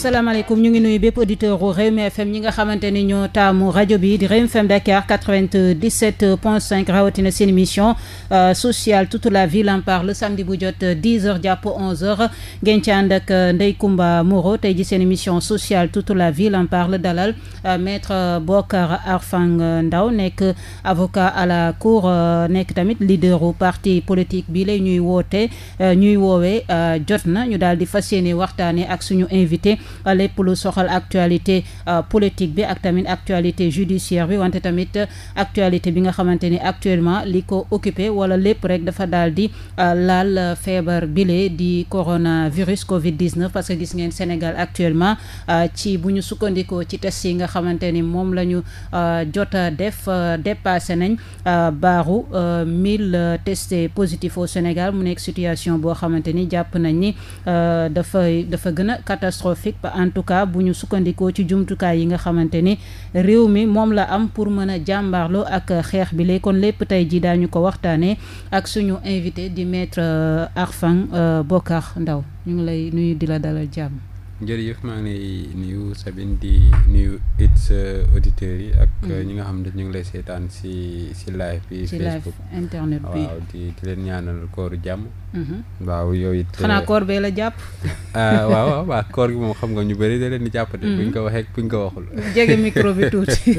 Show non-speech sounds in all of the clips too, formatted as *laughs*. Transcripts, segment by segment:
salaamaaleykum ñu ngi nuy bépp auditeur u Rewmi FM ñi nga xamante ni ñoo taamu rajo bi di Rewmi FM Dakar 97 point 5 rawatina seen émission euh, sociale toute la ville en parle samedi bu jot 10 euh, heures jàpp 11 heures ngeen ci ànd ak euh, Ndeye Comba Moreau tey ji seen mission sociale toute la ville en parle dalal maitre Bocar Arfang Ndao nekk avocat à la cour nekk tamit leader parti politique bi lay ñuy woote ñuy woowee jot na ñu daal di fas yéene waxtaane ak suñu invité Euh, lépp lu soxal actualité euh, politique bi ak tamit actualité judiciaire bi wante tamit euh, actualité bi nga xamante ni actuellement li ko occupé wala lépp rek dafa daal di laal feebar bile di coronavirus Covid 19 parce que gis ngeen Sénégal actuellement ci bu ñu sukkandikoo ci test yi nga xamante ni moom la ñu jot def dépassé nañ baaru mille testés positifs au Sénégal mu nekk situation boo xamante ni jàpp nañ ni dafay dafa gën a catastrophique en tout cas bu ñu sukkandikoo ci jumtukaay yi nga xamante ni réew mi moom la am pour mën a jàmbaarloo ak xeex bi lay kon lépp tey jii daañu ko waxtaanee ak suñu invité di maître euh, Arfang euh, Bokar ndaw ñu ngi lay nuyu di la dalal jàmm. jërëjëf maa ngi lay nuyu di nuyu it sa auditeurs yi ak mm-hmm. ñi nga xam ne ñu ngi lay seetaan si si live bi Facebook internet bi waaw leen ñaanal kooru jàmm mm-hmm. waaw yow it xanaa eh, koor bee la jàpp *laughs* ah, waaw waaw waaw koor gi moom xam nga ñu bëri de leen di jàppate mm-hmm. buñ ko waxee buñ ko waxul jege micro bi tuuti *laughs*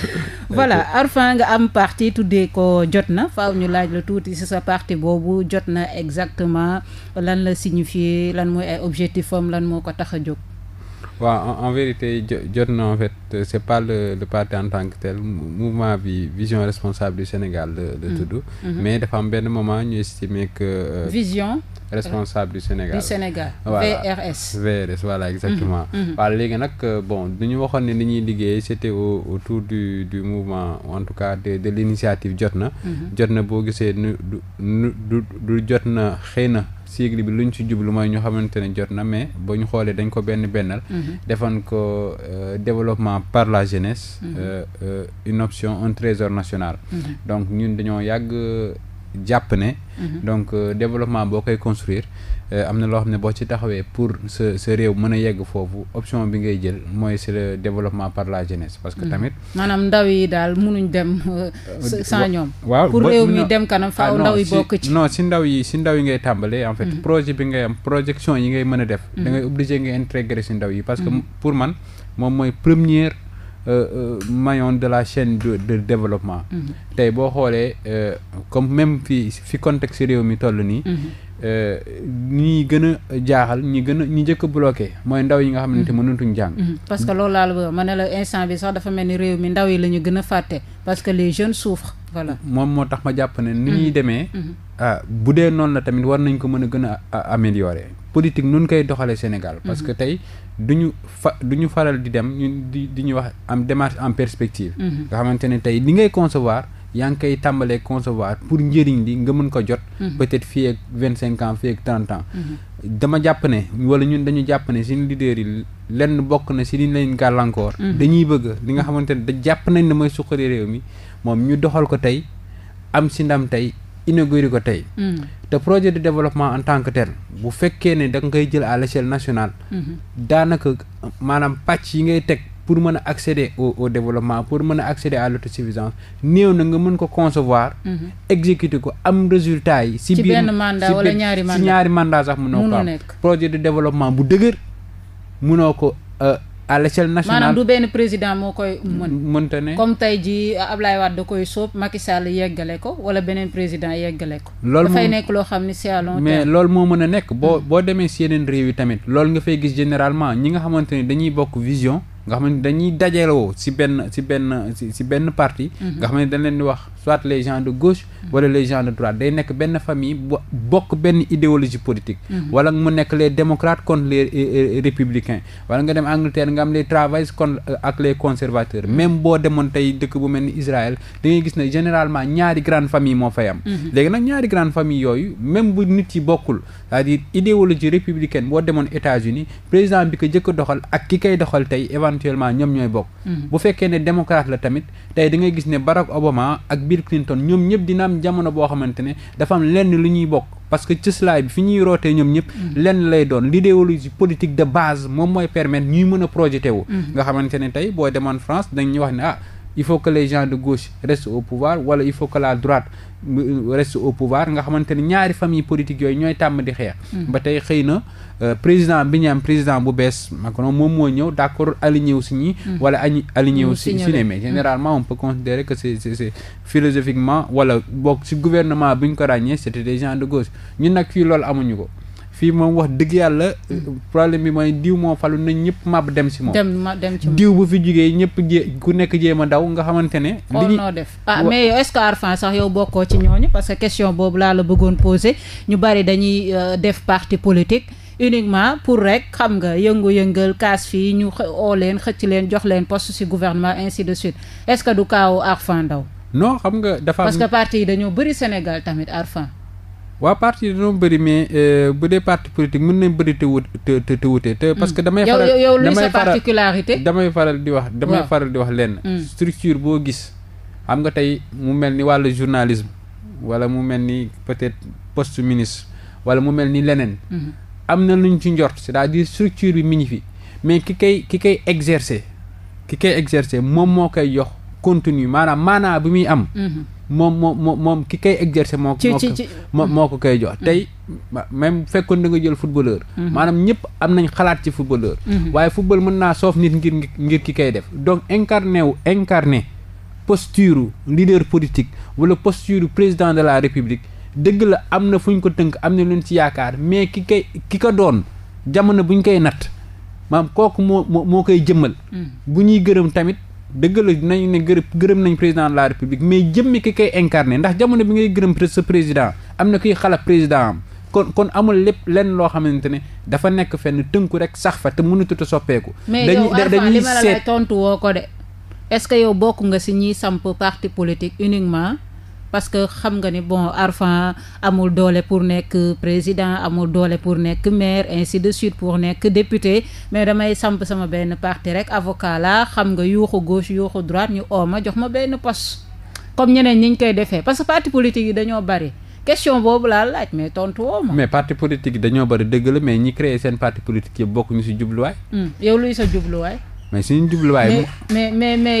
*laughs* voilà Arfan nga am parti tuddee ko jot na faaw ñu laaj la tuuti si sa parti boobu jot na exactement lan la signifier lan mooy ay objectif lan moo ko tax a jóg. waaw en vérité jot na en fait c' est pas le le en tant que mouvement bi vision responsable du Sénégal la la mm-hmm. tudd. Mm-hmm. mais dafa am benn moment ñu estimer que. Euh, vision. responsable du Sénégal du Sénégal. Voilà. VRS VRS exactement. Mm-hmm. waaw léegi nag euh, bon du ñu waxoon ne li ñuy liggéey c' était au autour du du mouvement en tout cas de de l' initiative jot na. jot na boo gisee nu du du jot na xëy na. sigle bi luñ ci jublu mooy ñu xamante ne jot na mais ba ñu xoolee dañ ko benn bennal. Mhm. defoon ko euh, développement par la jeunesse. Mhm. Euh, euh, une option un trésor national. Mhm. donc ñun dañoo yàgg. jàpp ne. Mhm. donc euh, développement boo koy construire euh, am na loo xam ne boo ci taxawee pour sa sa réew mën a yegg foofu option bi ngay jël mooy c'est le développement par la jeunesse. parce que mhm. tamit maanaam ndaw yi daal mënuñ dem euh, sans ñoom. waaw pour réew mi dem kanam faaw ah, ndaw yi bokk ci. non si ndaw yi si ndaw yi ngay tàmbalee en fait. Mhm. projet bi ngay am projection yi ngay mën a def. da ngay obligé nga intégrer si ndaw yi. parce que pour man moom mooy première. Euh, euh, maillon de la chaîne de de développement. Mm-hmm. tey boo xoolee euh, comme même fi fi contexte réew mi toll nii. Mm-hmm. ñi gën a jaaxal ñi gën a ñi njëkk a mooy ndaw yi nga xamante mm-hmm. mënatuñ jàng. Mm-hmm. parce que loolu laa la ma ne la instant bi sax dafa mel ni réew mi ndaw yi la ñu gën a fàtte parce que les jeunes souffrent voilà. moom moo tax ma jàpp ne ni ñuy mm-hmm. demee. ah bu dee noonu la tamit war nañ ko mën a gën a améliorer politique nun koy doxalee Sénégal. parce que tey du ñu fa du ñu faral di dem ñu di di ñu wax am démarche en perspective. nga xamante ne tey li ngay concevoir. yaa ngi koy tàmbalee concevoir pour njëriñ li nga mën ko jot. Mhm. peut-être fii ak vingt cinq ans fii ak trente ans. Mhm. dama jàpp ne wala ñun dañu jàpp ne suñu leader yi lenn bokk na si liñ leen gàllankoor. Mhm. dañuy bëgg li nga xamante ne da jàpp nañ ne mooy suqali réew mi moom ñu doxal ko tey am si ndam tey. inauguré ko tey. te projet de développement en tant que tel bu fekkee ne da nga jël à l'échelle nationale. daanaka maanaam pàcc yi ngay teg. pour mën a accéder au au développement pour mën a accéder à l'autosuffisance néew na nga mën ko concevoir mhm. exécuter ko am résultat yi si biir si ñaari mandat sax mënoo ko am projet de développement bu dëgër mënoo ko euh, à l'échelle nationale maanaam du benn président moo koy mën mënta ne comme tey jii Ablaye Wade da koy sóob Macky Sall yeggale ko wala beneen président yeggale ko loolu dafay nekk loo xam ne c'est à mais loolu moo mën a nekk boo mm. boo demee si yeneen réew yi tamit loolu nga fay gis généralement ñi nga xamante ni dañuy bokk vision nga xam ne dañuy dajaloo si benn si benn si si benn parti. Mhm. nga xam ne dañ leen di wax soit les gens de gauche. Mhm. wala les gens de droite day nekk benn famille bokk benn idéologie politique. Mhm. wala mu nekk les démocrates contre les républicains. wala nga dem Angleterre nga am les travailleurs contre euh, ak les conservateur même boo demoon tey dëkk bu mel ni Israël da ngay gis ne généralement ñaari grande famille moo fay am. léegi nag ñaari grande famille yooyu même bu nit yi bokkul c'est-à-dire boo demoon États-Unis président bi jëkk doxal ak ki koy doxal éventuellement ñoom ñooy bokk. Mm-hmm. bu fekkee ne démocrate la tamit tey da gis ne Barack Obama ak Bill Clinton ñoom ñëpp dina jamono boo xamante dafa am lenn lu ñuy bokk. parce que bi fi ñuy rootee ñoom ñëpp mm-hmm. lenn lay doon l'idéologie politique de base moom mooy permettre ñuy mën a projeté wu. Mm-hmm. nga xamante tey boo demoon France dañ wax ne ah. il faut que les gens de gauche restent au pouvoir wala il faut que la droite euh, reste au pouvoir nga xamante ne ñaari famille politique yooyu ñooy tàmm di xeex. Mm. ba tey xëy na euh, président bi ñu président bu bees Macron moom moo ñëw d' accord aligné wu si ñi. Mm. wala añi aligné wu si si mais mm. généralement on peut considérer que c' est philosophiquement wala boog si gouvernement bi ñu ko ràññee c' était des gens de gauche ñun nag fii loolu amuñu ko. fii moom wax dëgg yàlla problème bi mooy diw moo falu nañ ñëpp mab dem si moom. dem diw bu fi jugee ñëpp jé ku nekk jéem a daw nga xamante ne. li noo def ah mais yow est-ce sax yow bokkoo ci ñooñu parce que question boobu laa la bëggoon posé ñu bari dañuy euh, def parti politique. uniquement pour rek xam nga yëngu-yëngal kaas fii ñu oo leen xëcc leen jox leen poste ci gouvernement ainsi de suite est-ce que du kaawu Arfan Ndao non xam nga dafa parti yi dañoo bëri tamit Arfan waa parti dañoo bëri mais euh, bu dee parti politique mën nañ bëri te wut te te wute te parce que hmm. damay yow yow luy sa particularité damay faral di wax damay faral di wax lenn hmm. structure boo gis xam nga tey mu mel ni wàll journalisme wala mu mel ni peut-être poste ministre wala mu mel ni leneen hmm. am na luñ ci njort c'est-à-dire structure bi mi ngi fi mais ki koy ki koy exercer ki koy exercer moom moo koy jox contenu maanaam maanaa bi muy am moom moo moo moom ki koy exercer moo ko moo mm-hmm. moo ko koy jox tey mm-hmm. même fekkoon danga jël footballeur mm-hmm. maanaam ñëpp am nañ xalaat ci footballeur waaye football mën naa soof nit ngir ngir ki koy def donc incarné wu incarné posture leader politique wala posture président de la république dëgg la am na fu ñu ko tënk am na lu ci yaakaar mais ki koy ki ko doon jamono bu ñu koy natt maam kooku moo moo moo koy jëmmal mm. bu ñuy gërëm tamit dëgg la nañ ne gërëb gërëm nañ président de la république mais jëmmi ki koy incarné ndax jamono bi ngay gërëm sa président am na kuy xalab président am kon kon amul lépp lenn loo xamante ne dafa nekk fenn tënku rek sax fa te mënatut a soppeeku. dañuy dañuy seet mais yow tontu woo ko de est-ce que yow bokk nga si ñiy samp parti politique uniquement. parce que xam nga ni bon Arfan amul doole pour nekk président amul doole pour nekk maire ainsi de suite pour nekk député mais damay samp sama benn parti rek avocat laa xam nga yuuxu gauche yuuxu droite ñu ooma jox ma benn poste comme ñeneen ñi ñu koy defee parce que parti politique yi dañoo bari question boobu laa laaj mais tontu woo ma. mais parti politique dañoo bari dëgg la mais ñi créé seen parti politique yëpp bokk ci jubluwaay. Hmm, yow luy sa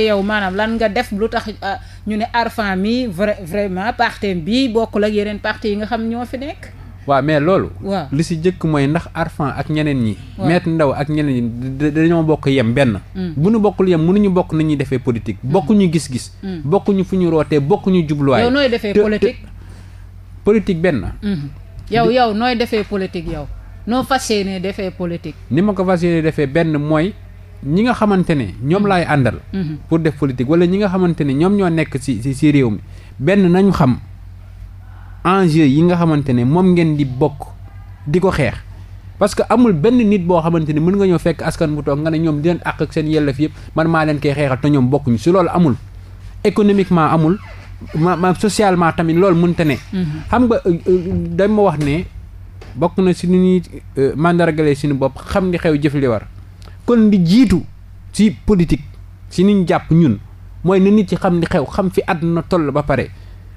yow maanaam lan nga def lu ah, ñu ne Arfan mi vrai vraiment parti bi bokkul ak yeneen parti yi nga xam ñoo fi nekk. waaw mais loolu. waaw li si njëkk mooy ndax Arfan ak ñeneen ñi. Maître Ndaw ak ñeneen ñi dañoo bokk yem benn. Mm. bu nu bokkul yem ñu bokk nañuy defee politique. Mm. bokkuñu gis-gis. Mm. bokkuñu fu ñu rootee bokkuñu jubluwaay. yow nooy defee politique politique benn. Mm-hmm. yow yow nooy defee politique yow noo fas yéenee defee politique. ni ma ko fas yéenee defee benn mooy. ñi nga xamante ne ñoom mm-hmm. laay àndal. Mm-hmm. pour def politique wala ñi nga xamante ne ñoom ñoo nekk ci ci ci réew mi benn nañu xam enjeu yi nga xamante ne moom ngeen di bokk di ko xeex. parce que amul benn nit boo xamante ne mën nga ñëw fekk askan bu toog nga ne ñoom di leen àq ak seen yelleef yëpp man maa leen koy xeexal te ñoom bokkuñu si loolu amul. économiquement amul ma ma socialement tamit loolu mënta ne. Mm-hmm. xam nga euh, euh, dañ ma wax ne bokk na si ni ñuy euh, mandargale suñu bopp xam li xew jëf war. kon li jiitu ci politique ci niñ jàpp ñun mooy na nit ci xam ni xew xam fi àdduna toll ba pare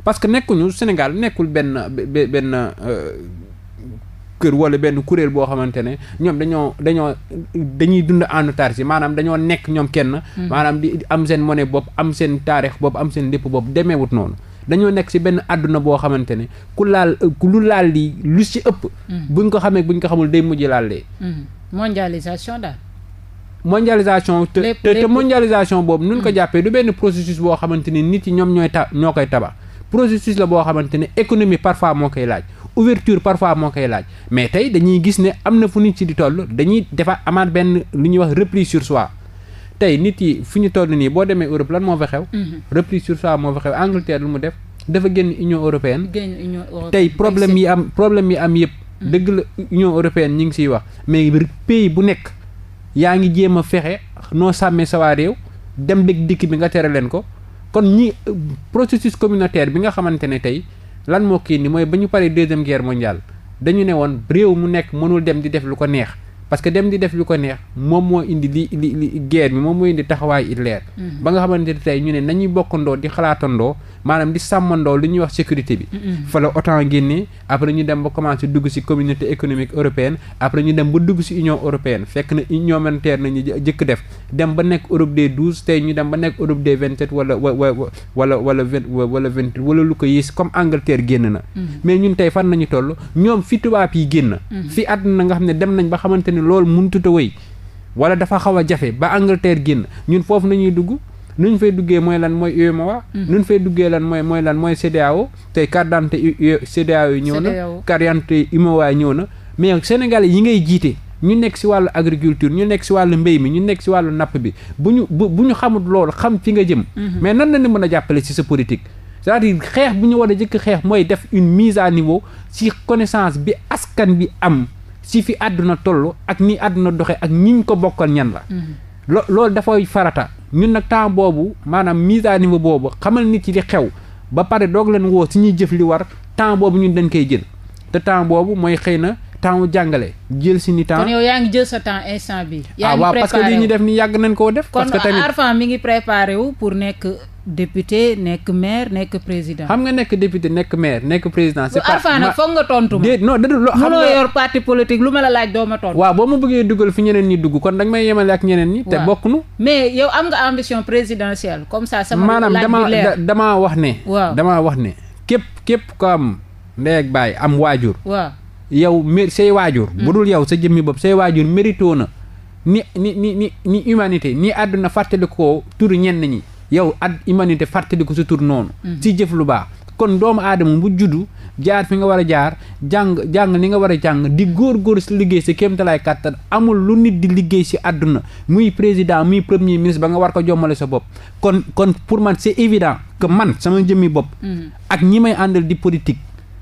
parce que nekkuñu Sénégal nekkul benn benn euh, kër wala benn kuréel boo xamante ne ñoom dañoo dañoo dañuy dund en autarcie maanaam dañoo nekk ñoom kenn. Hmm. maanaam di am seen mone bopp am seen taarix bopp am seen lépp bopp demeewut noonu. dañoo nekk ci benn àdduna boo xamante ne ku laal ku lu laal lii lu si ëpp. Hmm. buñ ko xamee buñ ko xamul day mujj laal lee. Hmm. mondialisation mondialisation te te mondialisation boobu nun ko mm. jàppee du benn processus boo xamante ni nit yi ñoom ñooy ta ñoo koy tabax processus la boo xamante ne économie parfois moo koy laaj ouverture parfois moo koy laaj mais tey dañuy gis ne am na fu nit ci di toll dañuy defa amaat benn lu ñuy wax repli sur soi tey nit yi fu ñu toll nii boo demee Europe lan moo fa xew mm-hmm. repli sur soi moo fa xew Angleterre lu mu def dafa génn Union européenne tey problème yi am problème yi am yëpp mm-hmm. dëgg la Union européenne ñi ngi siy wax mais pays bu nekk yaa ngi jéem a fexe noo sàmmee sa waa réew dem bëgg dikk bi nga tere leen ko kon ñi processus communautaire bi nga xamante ne tey lan moo kii ni mooy ba ñu paree deuxième guerre mondiale dañu ne woon réew mu nekk mënul dem di def lu ko neex parce que dem di def lu ko neex moom moo indi li li guerre bi moom moo indi taxawaay Hitler mm-hmm. ba nga xamante ne tey ñu ne nañuy bokkandoo di xalaatandoo maanaam di sàmmandoo lu ñuy wax sécurité bi. fala la OTAN génnee après ñu dem ba commencé dugg si communauté économique européenne après ñu dem ba dugg si union européenne fekk na union monétaire nañu jëkk def dem nekk Europe des douze tey ñu dem ba nekk Europe des vingt sept wala wa wala wala vingt wala vingt wala lu ko comme Angleterre génn na. Mm-hmm. mais ñun tey fan nañu toll ñoom fi tubaab yi génn. Mm-hmm. fi àdduna nga xam ne dem nañ ba xamante ne loolu mënut a wéy wala dafa xaw a jafe ba Angleterre génn ñun foofu nañuy dugg. nu ñu fay duggee mooy lan mooy UEMOA. Mhm. nu fay duggee lan mooy mooy lan mooy CEDEAO tey carte d'identité CEDEAO yi ñëw na. carte d'identité UEMOA ñëw na mais Sénégal yi ngay jiite. ñu nekk ci wàllu agriculture ñu nekk ci wàllu mbéy mi ñu nekk ci wàllu napp bi bu ñu bu bu ñu xamul loolu xam fi nga jëm. Mhm. mais nan la ñu mën a jàppale ci sa politique. cest à xeex bu ñu war a jëkk xeex mooy def une mise à niveau ci connaissance bi askan bi am ci fi àdduna toll ak ni àdduna doxe ak ñi ñu ko bokkal ñan la. Mhm. lo dafay farata. ñun nag temps boobu maanaam mise à niveau boobu xamal nit ci li xew ba pare doog leen woo si ñuy jëf li war temps boobu ñun dañ koy jël te temps boobu mooy xëy na temps jàngale jël si ni temps. kon yaa ngi jël sa temps instant bi yaa ah, ngi préparé ñu def ni yàgg nañ koo def. parce que tamit mi ngi préparé wu pour nekk député nekk maire nekk président. xam nga nekk député nekk maire nekk président. c'est pas foog nga tontu ma. xam nga yor parti lu ma la laaj doo ma tontu. waaw boo ma bëggee dugal fi ñeneen ñi dugg kon danga may yemale ak ñeneen ñi. te bokk nu. mais yow am nga ambition présidentielle comme ça. sama maanaam damaa damaa wax ne. waaw damaa wax ne képp képp ko am ndey ak baay am waajur. waaw yow mé say waajur. Hmm. bu dul yow sa jëmmi bopp say waajur mérito na ni ni ni ni humanité ni àdduna fàttali ko turu ñenn ñi. yow ad humanité fàttali ko sa tur noonu. si mhm. jëf lu baax. kon doomu aadama bu juddu jaar fi nga war a jaar jàng jàng li nga war a jàng di góor-góor liggéey si kéemtalaay kàttan amul lu nit di liggéey si àdduna muy président muy premier ministre ba nga war ko jommale sa bopp kon kon pour man si évident que man sama jëmmi bopp. Mhm. ak ñi may àndal di politique.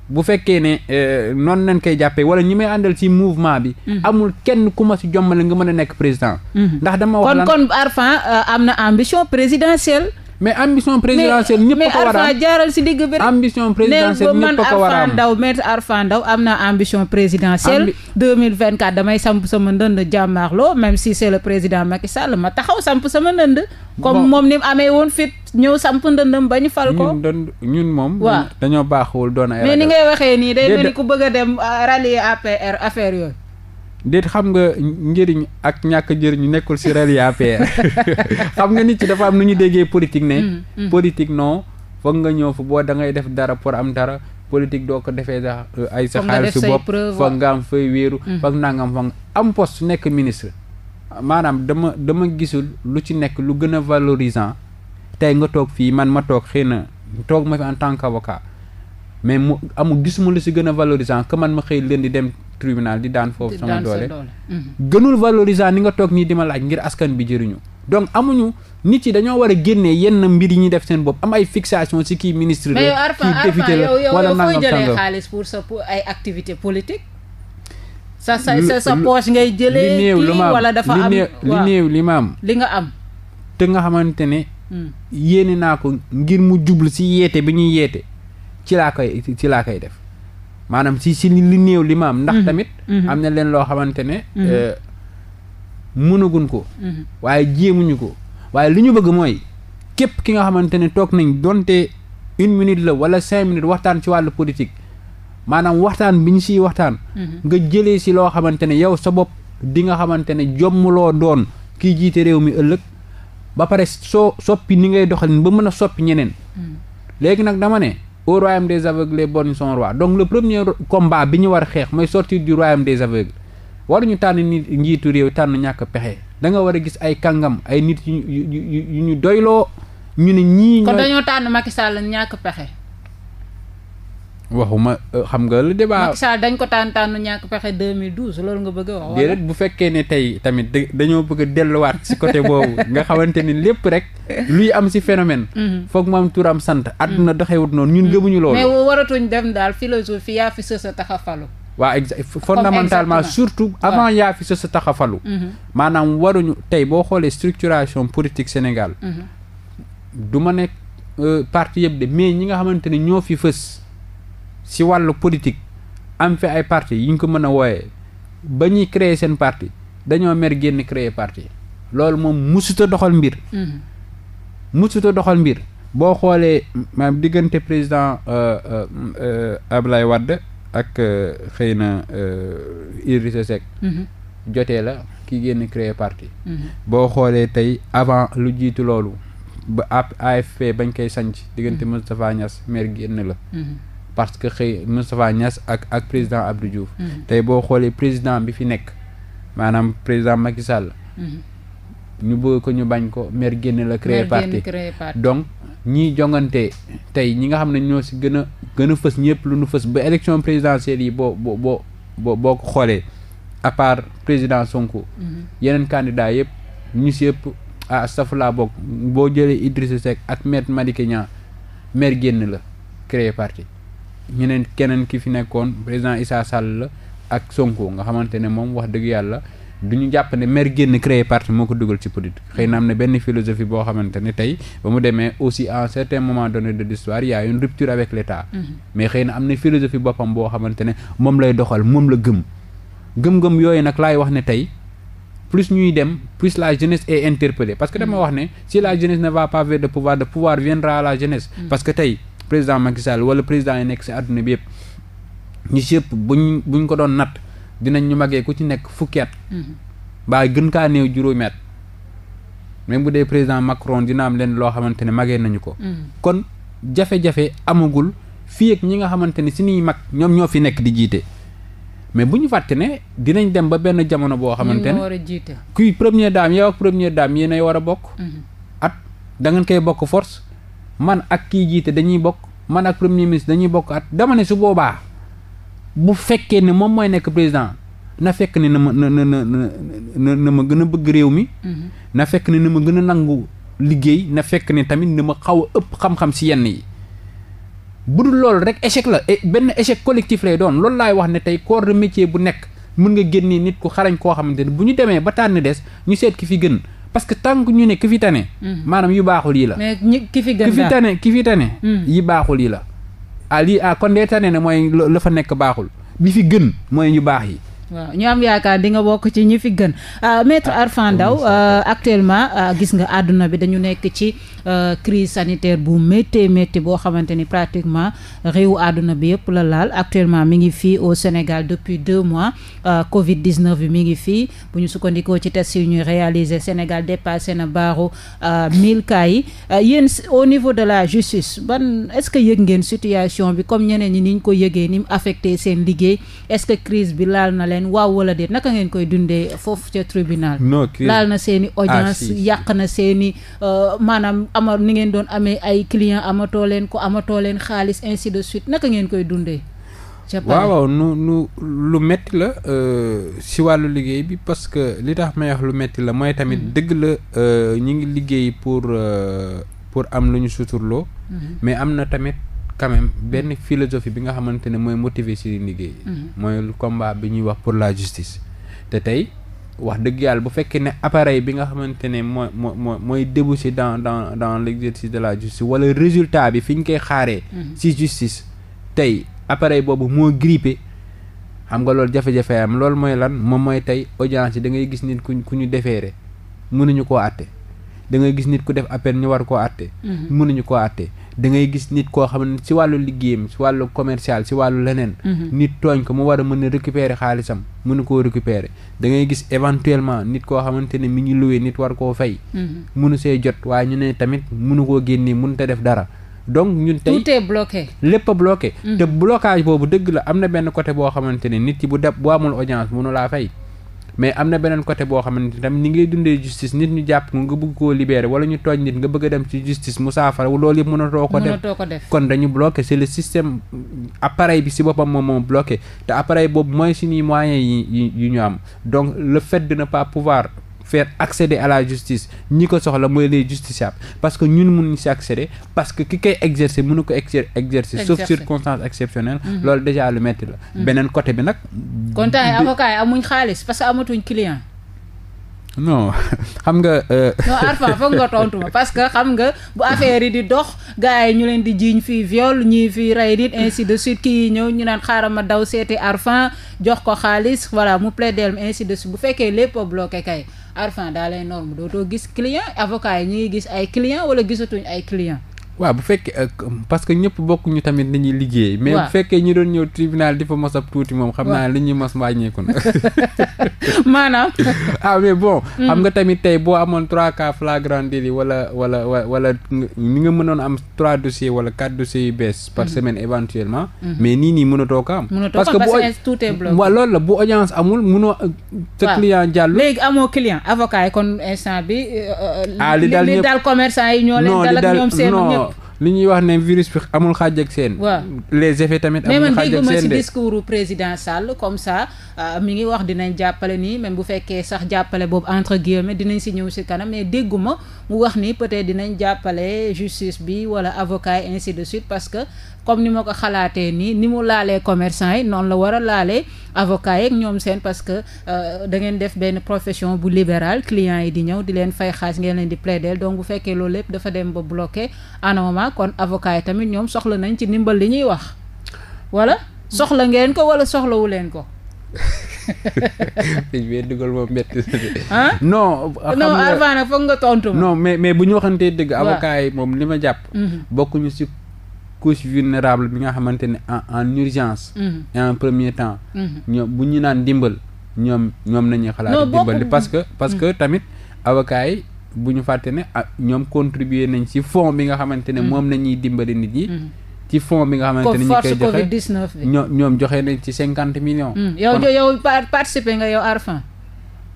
bu fekkee ne euh, noonu nañ koy jàppee wala ñi may àndal ci mouvement bi. Mhm. amul kenn ku ma ci jommale nga mën a nekk président. Mhm. ndax dama wax lan kon kon Arfan euh, am na ambition présidentielle. mais ambition présidentielle ñëpp ko war a am mais jaaral si digg bi ambition présidentielle ñëpp ko war a am ndaw maître Arfan Ndaw am na ambition présidentielle. 2024 damay samp sama ndënd jàmmaarloo même si c'est le président Macky Sall ma taxaw samp sama ndënd. kon moom ni mu amee woon fit ñëw samp ndënd ndëndam ba ñu fal ko. ñun ñun moom. waaw dañoo baaxul doon ay. mais ni ngay waxee nii day mel bëgg a dem euh, rallier affaire yooyu. déet xam nga njëriñ ak ñàkk njëriñ nekkul si rel ya APR xam nga nit ci dafa am nu ñu déggee politique ne mm, mm. politique non foog nga ñëw fa boo da ngay def dara pour am dara politique doo ko defee sax euh, ay sa xaalisu bopp foog nga am fay wéeru mm. foog nangam foog am poste nekk ministre maanaam dama dama gisul lu ci nekk lu gën a valorisant tey nga toog fii man ma toog xëy na toog ma fi en tant qu'avocat mais mu amul gisuma lu si gën a valorisant man ma xëy leen di dem tribunal di daan foofu sama doole mhm. gënul valorisant ni nga toog nii di ma laaj ngir askan bi jëriñu donc amuñu nit yi dañoo war a génnee yenn mbir yi ñuy def seen bopp am ay fixation si kii ministre la kii député la wala nangam sangam xaalis pour sa ay activité politique sa sa sa poche ngay jëlee li ma wala dafa am li néew li nga am te nga xamante ne hmm. yéene naa ko ngir mu jublu si yeete bi ñuy yeete ci laa koy ci laa koy def maanaam si si li néew li ma am ndax mhm. tamit mhm. am na leen loo xamante ne mhm. euh, mënagun ko waaye jéemuñu ko waaye li ñu bëgg mooy képp ki nga xamante ne toog nañ donte une minute la wala cinq waxtaan ci wàllu politique maanaam waxtaan bi ñu siy waxtaan nga jëlee si loo xamante ne yow sa bopp di nga xamante ne jommuloo doon kiy jiite réew mi ëllëg ba pare soo soppi ni ngay doxalin ba mën a soppi ñeneen léegi nag dama ne au royaume des aveugles les borgnes sont rois donc le premier combat bi ñu war a xeex mooy sortir du royaume des aveugles waruñu tànn nit njiitu réew tànn ñàkk pexe da nga war a gis ay kàngam ay nit yu ñu doyloo ñu ne ñii. ñooy kon dañoo tànn Macky Sall ñàkk pexe. waxuma euh, xam nga le débat. Macky Sall dañ ko tànn tànnu ñàkk pexe 2012 loolu nga bëgg a wax. déedéet bu fekkee ne tey tamit dañoo bëgg delluwaat si côté boobu *laughs* nga xamante ni lépp rek luy am si phénomène. Mhm. foog mu am turam sant. Mhm. àdduna doxewut noonu ñun mhm. gëmuñu loolu. mais waratuñ dem daal philosophie yaa fi sa taxafalu. waa exa fondamentalement surtout avant yaa fi sa taxafalu. maanaam waruñu tey boo xoolee structuration politique Sénégal. du ma nekk euh, parti yëpp de mais ñi nga xamante ni ñoo fi fës. si wàllu politique am fi ay parti yi ñu ko mën a wooyee ba ñuy créer seen parti dañoo mer génn créer parti loolu moom musuta doxal mbir mm-hmm. musuta doxal mbir boo xoolee maanaam diggante président euh, euh, euh, Ablaye wadd ak xëy na Idrissa Seck mm-hmm. jotee la ki génn créer parti mm-hmm. boo xoolee tey avant lu jiitu loolu ba AFP bañ koy sanc diggante Moustapha Niass mer génn la parce que xëy Moustapha Niass ak ak président Abdou Diouf. Mm-hmm. tey boo xoolee président bi fi nekk maanaam président Macky Sall. Mm-hmm. ñu bëgg ko ñu bañ ko mer génn la créer parti donc ñiy jongante tey ñi nga xam ne ñoo si gën a gën a fës ñëpp lu nu fës ba élection présidentielle yi boo boo boo boo boo xoolee à part président Sonko. Mm-hmm. yeneen candidat yëpp ñu si yëpp ah boo jëlee Idrissa Seck ak Maître Madické Niang génn la créer parti ñeneen keneen ki fi nekkoon président Issa Sall la ak Sonko nga xamante ne moom wax dëgg yàlla du ñu jàpp ne maire génn créé parti moo ko dugal ci politique mm. xëy na am na benn philosophie boo xamante ne tey ba mu demee aussi à un certain moment donné de l'histoire y a une rupture avec l'État mm -hmm. mais xëy na am na philosophie boppam boo xamante ne moom lay doxal moom la gëm gëm-gëm yooyu nag laay wax ne tey plus ñuy dem plus la jeunesse est interpellée parce que dama mm. ne la la jeunesse mm -hmm. parce que président Macky Sall wala président yi nekk si àdduna bi yëpp ñu si yëpp buñ buñ ko doon natt dinañ ñu magee ku ci nekk fukki at mbaa mhm. gën kaa neew juróomi at même bu dee président Macron dina am leen loo xamante ne magee nañu ko mhm. kon jafe-jafe amagul fii ak ñi nga xamante ne si ñuy mag ñoom ñoo fi nekk di jiite mais bu ñu fàtte ne dinañ dem ba benn jamono boo xamante ne kuy première dame yow ak première dame yéen a war a bokk mhm. at da ngeen koy bokk force man ak kii jiite dañuy bokk man ak premier ministre dañuy bokk at dama ne su boobaa bu fekkee ne moom mooy nekk président na fekk ne na ma na na na na na ma gën a bëgg réew mi. Mhm. na fekk ne na ma gën a nangu liggéey na fekk ne tamit na ma xaw a ëpp xam-xam si yenn yi. bu dul loolu rek échec la benn échec collectif lay doon loolu laay wax ne tey corps de métier bu nekk mën nga génnee nit ku xarañ koo xamante ne bu ñu demee ba tànn des ñu seet ki fi gën. parce que tant ñu ne ki fi tane. Mm. maanaam yu baaxul yi la. mais ki fi gën ki tane ki fi tane. Mm. yi baaxul yi la. ah lii ah kon tane ne mooy la fa nekk baaxul bi fi gën mooy yu baax yi. waaw ñu am yaakaar di nga bokk ci ñi fi gën ah, maître ah, Arfan Ndao euh, actuellement ah, gis nga àdduna bi dañu nekk ci euh, crise sanitaire bu métti métti boo xamante ni pratiquement réewu adduna bi yëpp la laal actuellement mi ngi fii au Sénégal depuis deux mois Covid 19 bi mi ngi fii bu ñu sukkandikoo ci test yi ñuy réaliser Sénégal dépassé na baaru 1000 cas yi yéen au niveau de la justice ban est-ce que yëg ngeen situation bi comme ñeneen ñi ni ko yëgee ni mu affecté seen leen waaw wala déet naka ngeen koy dundee foofu ca tribunal. non laal na seeni i ah, audience yàq na seen i euh, maanaam ama ni ngeen doon amee ay clients amatoo leen ko amatoo leen xaalis ainsi de suite naka ngeen koy dundee. waaw waaw nu nu lu metti la euh, si wàllu liggéey bi parce que li tax may wax lu metti la mooy tamit mm-hmm. dëgg la euh, ñu ngi liggéey pour pour am lu ñu suturloo mm-hmm. mais am na tamit quand même benn philosophie bi nga xamante ne mooy motiver ci liggéey. Mm-hmm. mooy combat bi ñuy wax pour la justice. te tey wax dëgg yàlla bu fekkee ne appareil bi nga xamante ne mooy mooy mooy débouché dans dans dans l'exercice de la justice wala résultat bi fi ñu koy xaaree. Mm-hmm. ci justice tey appareil boobu moo grippé. xam nga loolu jafe-jafe am loolu mooy lan moom mooy tey audience yi da ngay gis nit ku ku ñu defeere mënuñu koo àtte da ngay gis nit ku def appel ñu war koo àtte mm-hmm. mënuñu koo da ngay gis nit koo xam ne si wàllu liggéeyam si wàllu commercial si wàllu leneen. Mhm. nit tooñ ko mu war a mën a récupérer xaalisam mënu koo récupérer da ngay gis éventuellement nit koo xamante ne mi ngi luwee nit war koo fay. Mhm. munu see jot waaye ñu ne tamit mënu koo génnee mënut a def dara. donc ñun tey tout est lépp a bloqué. Mhm. te blocage boobu dëgg la am na benn côté boo xamante ne nit ki bu def bu amul audience mënu laa fay. mais am na beneen côté boo xamante ni tamit ñi ngi lay dundee justice nit ñu jàpp nga bëgg koo libérer wala ñu tooñ nit nga bëgg a dem ci justice mu saafara loolu yëpp mënatoo ko def kon dañu bloqué c'est le système appareil bi si boppam moom moo bloqué te appareil boobu mooy suñuy moyens yi yi ñu am donc le fait de ne pas pouvoir faire accéder à la justice ñi ko soxla mooy les justiciables parce que ñun mënuñ si accéder parce que ki koy exercer mënu ko exercer exercer sauf circonstance exceptionnelle mhm. loolu déjà lu metti la mhm. beneen coté bi nag kon temps yi amuñ xaalis parce que amatuñ client non *laughs* xam nga. Euh, non Arfan *laughs* foog nga tontu parce que xam nga bu affaire yi di dox gars yi ñu leen di jiiñ fii viol ñii fii rey nit ainsi de suite kii ñëw ñu naan xaaral ma daw seeti Arfan jox ko xaalis voilà mu plaidé ainsi de bu fekkee lépp a Arfan dans les normes dootoo gis client avocat yi ñu ngi gis ay client wala gisatuñ ay client waaw bu fekkee euh, parce que ñëpp bokkuñu tamit ni ñuy liggéey. mais bu fekkee ñu doon ñëw tribunal di fa mos ab tuuti moom. xam naa li ñuy mos wàññeeku na. *laughs* maanaam. *laughs* ah mais mm. xam nga tamit tey boo amoon trois cas flagrant wala wala wala ni nga mënoon am trois dossiers wala quatre dossiers bees. par mm. semaine éventuellement. Mm. mais nii nii mënatoo ko am. parce que bu tout est bloqué. la bu audience amul mënoo. Euh, sa client jàll. léegi amoo client avocat yi kon instant bi. Euh, ah li daal ñëpp yi ñoo leen dal ak ñoom seen. li ñuy wax ne virus bi amul xaaj ak seen. waaw les effets tamit amul xaaj ak seen de mais man dégguma ci discours président Sall comme ça euh, mi ngi wax dinañ jàppale nii même bu fekkee sax jàppale boobu entre guillemets dinañ si ñëw si kanam mais dégguma mu wax ni peut dinañ jàppale justice bi wala avocat ainsi de suite parce que comme ni ma ko xalaatee nii ni mu laalee commerçant yi noonu la war a laalee avocats yeeg ñoom seen parce que euh, da ngeen def benn profession bu libérale client yi di ñëw di leen fay xaalis ngeen leen di plaider donc bu fekkee loolu lépp dafa dem ba bloqué anoma kon avocats yi tamit ñoom soxla nañ ci ndimbal li ñuy wax wala soxla ngeen ko wala soxlawu leen ko. dañ may dugal moom métti. nga foog nga tontu ma. mais mais bu ñu waxantee dëgg. avocats yi moom li ma jàpp. Mhm. bokkuñu ci. couche vulnérable bi nga xamante ne en en urgence. Mm-hmm. en premier temps. Mm-hmm. ñoom bu ñu naan dimbal ñoom ñoom nañuy xalaat. dimbali parce que parce que mm-hmm. tamit avocats bu ñu fàtte ne ak ah, ñoom contribuer nañ ci fonds bi nga xamante ne moom la ñuy dimbali nit yi. ci fond bi nga xamante ne ñu koy joxe Covid 19 bi. ñoom joxe nañ ci cinquante million yow yow participer nga yow Arfan.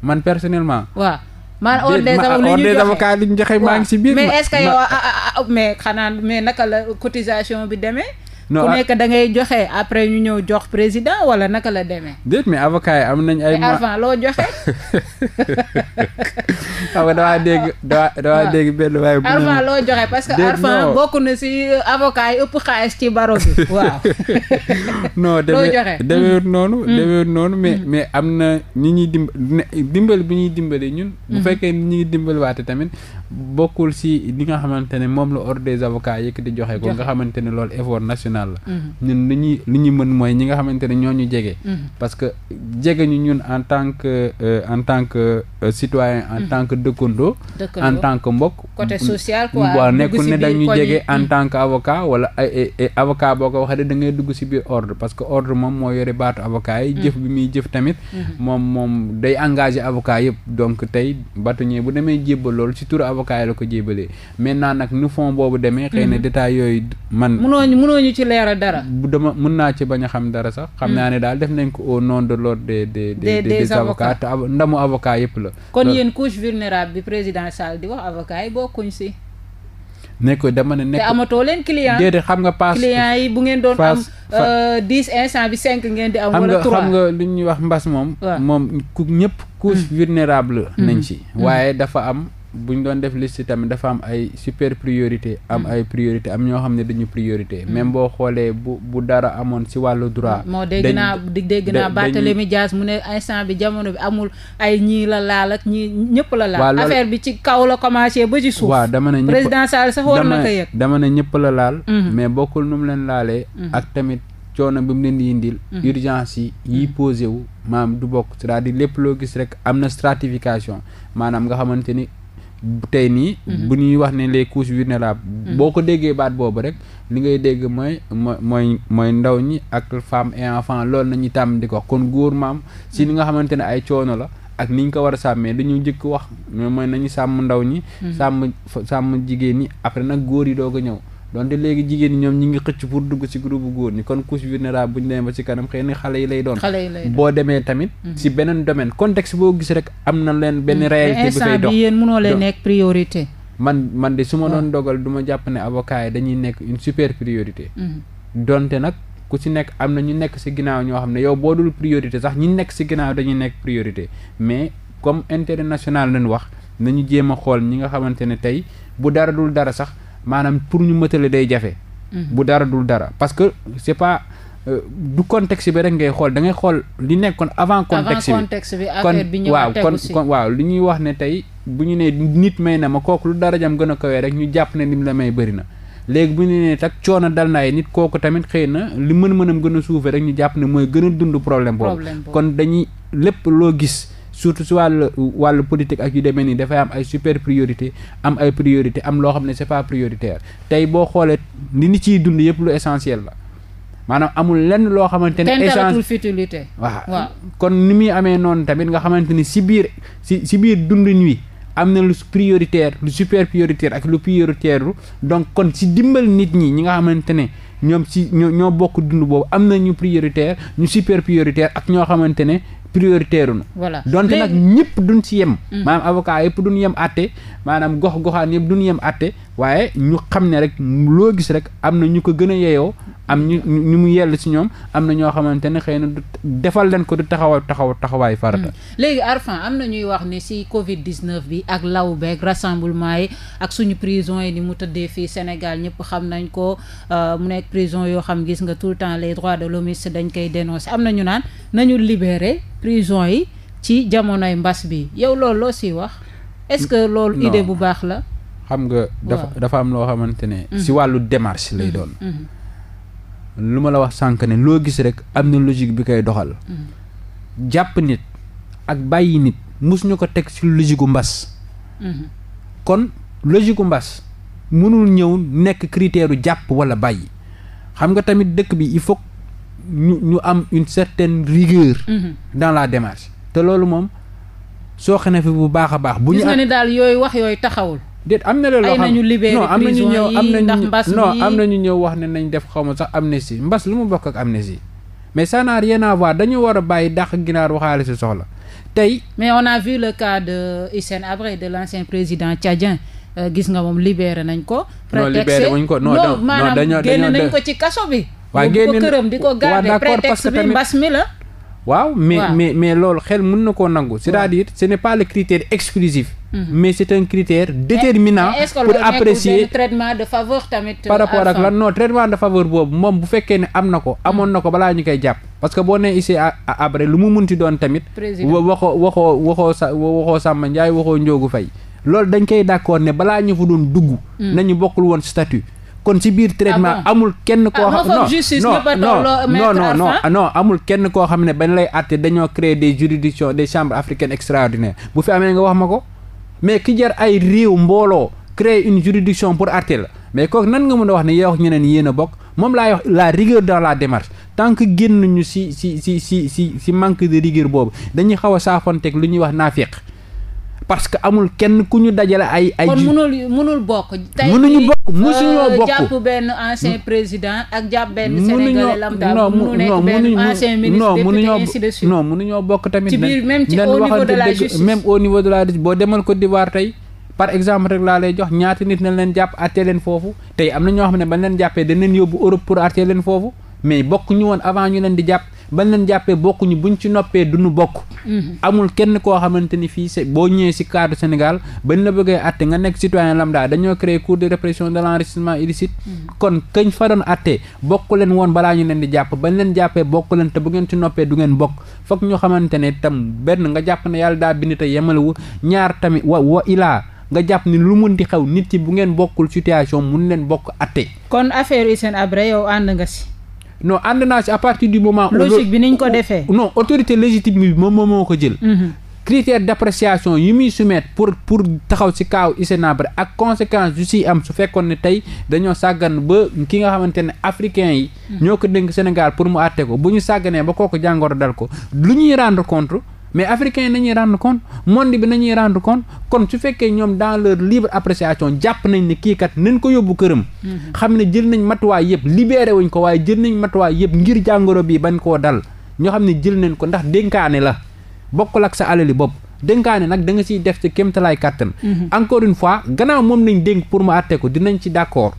man personnellement. waaw. man ordre des avocats li ñu joxe maa ngi si biir mais est-ce que ah, ah, ah, mais xanaa mais naka la cotisation bi demee non ku nekk da ngay joxe après ñu ñëw jox président wala naka la demee. déet mais avocat yi am nañ ay. mais loo joxe. *laughs* xam nga dawaa dégg dawaa loo joxe parce que. arfan na si euh, avocat yi ëpp xaalis ci baro bi *laughs* waaw. *laughs* non demee demeewut mm. noonu. Mm. demeewut noonu mais mm. mais am na ñi ñuy dimbali dimbal bi ñuy dimbali ñun. bu fekkee ñi ñuy dimbali waate tamit. bokkul si li nga xamante ne moom la ordre des avocats yëkkati joxe ko ne loolu effort national la mhm. ñun li ñuy ne ñoo ñu mhm. que jege ñu ñun en tant que en euh, tant en tant que euh, mhm. dëkkandoo en tant que mbokk côté social quoi waaw nekkul ne dañu jege en tant que avocat wala eh, eh, eh, avocat boo ko waxee da dugg si biir ordre parce que ordre moom moo yore baatu avocat yi jëf bi muy jëf tamit moom moom day engagé avocat yëpp donc tey bâtonnier bu demee jébbal loolu si avocat avocat yi la ko jébalee maintenant nag nu fond boobu demee xëy na mhm. détails yooyu man munoo munoo ñu ci leeral dara dama mun naa ci bañ a xam dara sax xam naa mhm. ne daal def nañ ko au nom de l'ordre des des des avocats te ndamu avocat yëpp la kon euh, yéen couche vulnérable bi président Sall di wax avocat yi bokkuñ si nekk dama ne nekk te amatoo leen client xam nga paas client yi bu ngeen doon am euh, dix instant bi cinq ngeen di am wala trois xam nga lu ñuy wax mbas moom moom ku ñëpp couche mm. vulnérable mm. nañ ci mm. waaye dafa am buñ doon def liste tamit dafa am ay super priorité am hmm. ay priorité am ñoo xam ne dañu priorité hmm. même boo xoolee bu bu dara amoon si wàllu droit. Hmm. moo dégg naa dégg naa Barthélémy Dias mu ne instant bi jamono bi amul ay ñii la laal ak ñii ñëpp la laal. affaire bi ci kaw la commencé ba ci suuf. waaw dama ne ñëpp président Sall sax war na ko ñëpp la laal. mais bokkul nu mu leen laale ak tamit. coono bi mu leen di indil urgence yi yi posé wu maanaam du bokk c'est-à-dire lépp loo gis rek am na stratification maanaam tey nii. Mhm. bu ñuy wax ne les couches vulnérables. Mhm. boo ko déggee baat boobu rek li ngay dégg mooy mooy mooy ndaw ñi ak femme et lool na ñuy tàmm di ko wax kon góor maam si mhm. li nga xamante ne ay coono la. ak ni ñu ko war a sàmmee dañu njëkk wax mooy nañu sàmm ndaw ñi. sàmm sàmm jigéen ñi après nag góor yi doo ko ñëw. donte léegi jigéen ñoom ñi ngi xëcc pour dugg ci groupe góor ni kon couche vulnérable bu ñu demee ba ci kanam xëy na xale yi lay doon boo demee tamit si mhm. beneen domaine contexte boo gis rek am na leen benn mhm. réalité bi fay dox yéen mënoo leen nekk man man de su ma ah. doon dogal du ma jàpp ne avocat dañuy nekk une super priorité mhm. donte nag ku si nekk am na ñu nekk si ginnaaw ñoo xam ne yow boo dul priorité sax ñi nekk si ginnaaw dañuy nekk priorité mais comme international nañ wax nañu jéem a xool ñi nga xamante ne tey bu dara dara sax maanaam pour ñu mëtale day jafe. Mhm. bu dara dul dara parce que c'est pas. Euh, du contexte bi rek ngay xool da ngay xool li nekkoon avant. contexte bi avant contexte bi affaire bi ñëw kon waaw li ñuy wax ne tey bu ñu nee nit may na ma kooku lu darajam gën a kawee rek ñu jàpp ne lim la may bëri na. léegi bu ñu nee tak coono dal naay nit kooku tamit xëy na li mën-mënam gën a suufee rek ñu jàpp ne mooy gën a dund problème boobu. kon dañuy lépp loo gis. surtout si wàll wàll politique ak yu demee nii dafay am ay super priorité am ay priorité am loo xam ne c'est pas prioritaire tey boo xoolee li ni ciy dund yëpp lu essentiel la maanaam amul lenn loo xamante ne échange futilité waaw kon ni muy amee noonu tamit nga xamante ni si biir si si biir dunduñ wi am na lu prioritaire lu super prioritaire ak lu prioritaire donc kon si dimbal nit ñi ñi nga xamante ne ñoom si ñoo ñoo bokk dund boobu am na ñu prioritaire ñu super prioritaire ak ñoo xamante ne prioritaire nu voilà donte nag ñëpp duñ si yem mm. maanaam avocat yëpp duñ yem atte maanaam gox goxaan yëpp duñ yem atte waaye ñu xam ne rek loo gis rek am na ñu ko gën a yeyoo am ñu ñu mu yell si ñoom am na ñoo xamante ne xëy na du defal leen ko du taxawa taxaw taxawaay farata mm. léegi Arfan am na ñuy wax ni si covid 19 bi ak law beeg rassemblement yi ak suñu prison yi ni mu tëddee fii Sénégal ñëpp xam nañ ko euh, mu nekk prison yoo xam gis nga tout le temps les droits de l'homme dañ koy dénoncer am na ñu naan nañu libérer prison yi ci jamonoy mbas bi yow loolu loo siy wax est-ce que loolu idée bu baax la xam nga dafa dafa am loo xamante ne mm-hmm. si wàllu démarche lay mm-hmm. doon mm-hmm. lu ma la wax sànq ne loo gis rek am na logique bi koy doxal jàpp nit ak bàyyi nit mus ñu ko teg si logique gu mbas kon logique gu mbas mënul ñëw nekk critère jàpp wala bàyyi xam nga tamit dëkk bi il faut ñu ñu am une certaine rigueur. Mhm. dans la démarche te loolu moom soo na fi bu baax a baax. bu ñu am gis nga daal yooyu wax yooyu taxawul. de am na la loo xam am na ñu ñëw am nañu non am na ñu ñëw wax ne nañ def xaw ma sax amnistie mbas lu mu bokk ak amnistie mais ça n'a rien à voir dañu war a bàyyi dàq ginaar waxaale si soxla tey. mais on a vu le cas de Hissène Habré de l'ancien président tchadien euh, gis nga moom libéré nañ ko. prétexte non libéré ko non non dañoo génn nañ ko ci kaso bi. waa génne këram di ko garder prétexte bi mbas mi la waaw mais mais mais loolu xel mën na koo nangu c'est-à-dire ce n'est pas le critère exclusif mhm. mais c'est un critère déterminant pour de faveur tamit euh, rapport ak lan non traitement de boobu moom bu fekkee ne am na ko amoon mhm. na ko balaa ñu koy jàpp parce que boo nee ici après lu mu munti doon tamit waxoo waxoo waxoo sa waxoo Samba Ndiaye waxoo Ndiogou Faye loolu dañ koy d'accord ne balaa ñu fa doon dugg mhm. nañu bokkul woon statut kon ci biir traitement ah amul kenn koo ah, xam non non non non non non kenn koo xam ne bañ lay àtte dañoo créer des juridictions des chambres africaines extraordinaires bu fi amee nga wax ma ko mais ki jar ay réew mbooloo créer une juridiction pour àtte la mais kook nan nga mën a wax ne yow ñeneen yéen a bokk moom laay wax la rigueur dans la démarche tant que génn ñu si si si si si si manque de rigueur boobu dañuy xaw a saafonteeg lu ñuy wax naa naafeq parce que amul kenn ku ñu dajale ay ay. kon mënul mënul bokk. mënuñu bokk ñu euh, bokk jàpp benn ancien président ak jàpp benn. sénégalais lambda mënu nekk benn ancien ministre député ainsi bokk tamit. ci biir même ci de la justice même au niveau de la demal Côte d'Ivoire tey. par exemple rek laa lay jox ñaata nit nañ leen jàpp àttee leen foofu tey am na ñoo xam ne bañ leen jàppee dañ leen yóbbu Europe pour àttee leen foofu mais bokk ñu woon avant ñu leen di jàpp. bañ leen jàppee bokkuñu bu buñ ci noppee du nu bokk. Mhm. amul kenn koo xamante ni fii c'est boo ñëwee si cadre Sénégal ban la bëggee àtte nga nekk citoyen lambda dañoo créer cour de répression de l'enrichissement illicite. Mhm. kon kañ fa doon àtte bokk leen woon balaa ñu leen di jàpp bañ leen jàppee bokk te bu ngeen ci noppee du ngeen bokk foog ñu xamante ne tam benn nga jàpp na yàlla daa bind te yemalewu ñaar tamit wa wa ilaa. nga jàpp ni lu mun di xew nit yi bu ngeen bokkul situation mun leen bokk atte kon affaire Hissène Habré yow ànd nga si non ànd naa si à partir du moment. logique bi niñ ko defee. non autorité légitime bi moom moo ko jël. Mhm. critère d'appréciation yi muy soumettre pour pour taxaw si kaaw Hissène Habré ak conséquence yu siy am su fekkoon ne tey dañoo sàggan ba ki nga xamante ne africain yi. Mhm. ñoo ko dénk Sénégal pour mu àtte ko bu ñu sàgganee ba kooku jàngoro dal ko lu ñuy rendre compte. mais africain yi nañuy rendre compte monde bi nañuy rendre kon kon su fekkee ñoom dans leur libre appréciation jàpp nañ ne kiikat kat ko yóbbu këram. Mm-hmm. xam ne jël nañ matuwaay yëpp libéré wuñ ko waaye jël nañ matuwaay yëpp ngir jàngoro bi bañ koo dal ñoo xam ne jël nañ ko ndax dénkaane la bokkul ak sa alali bopp dénkaane nag da nga siy def ci kéemtalaay kàttan. Mm-hmm. encore une fois gannaaw moom nañ dénk pour mu àtte ko dinañ ci d'accord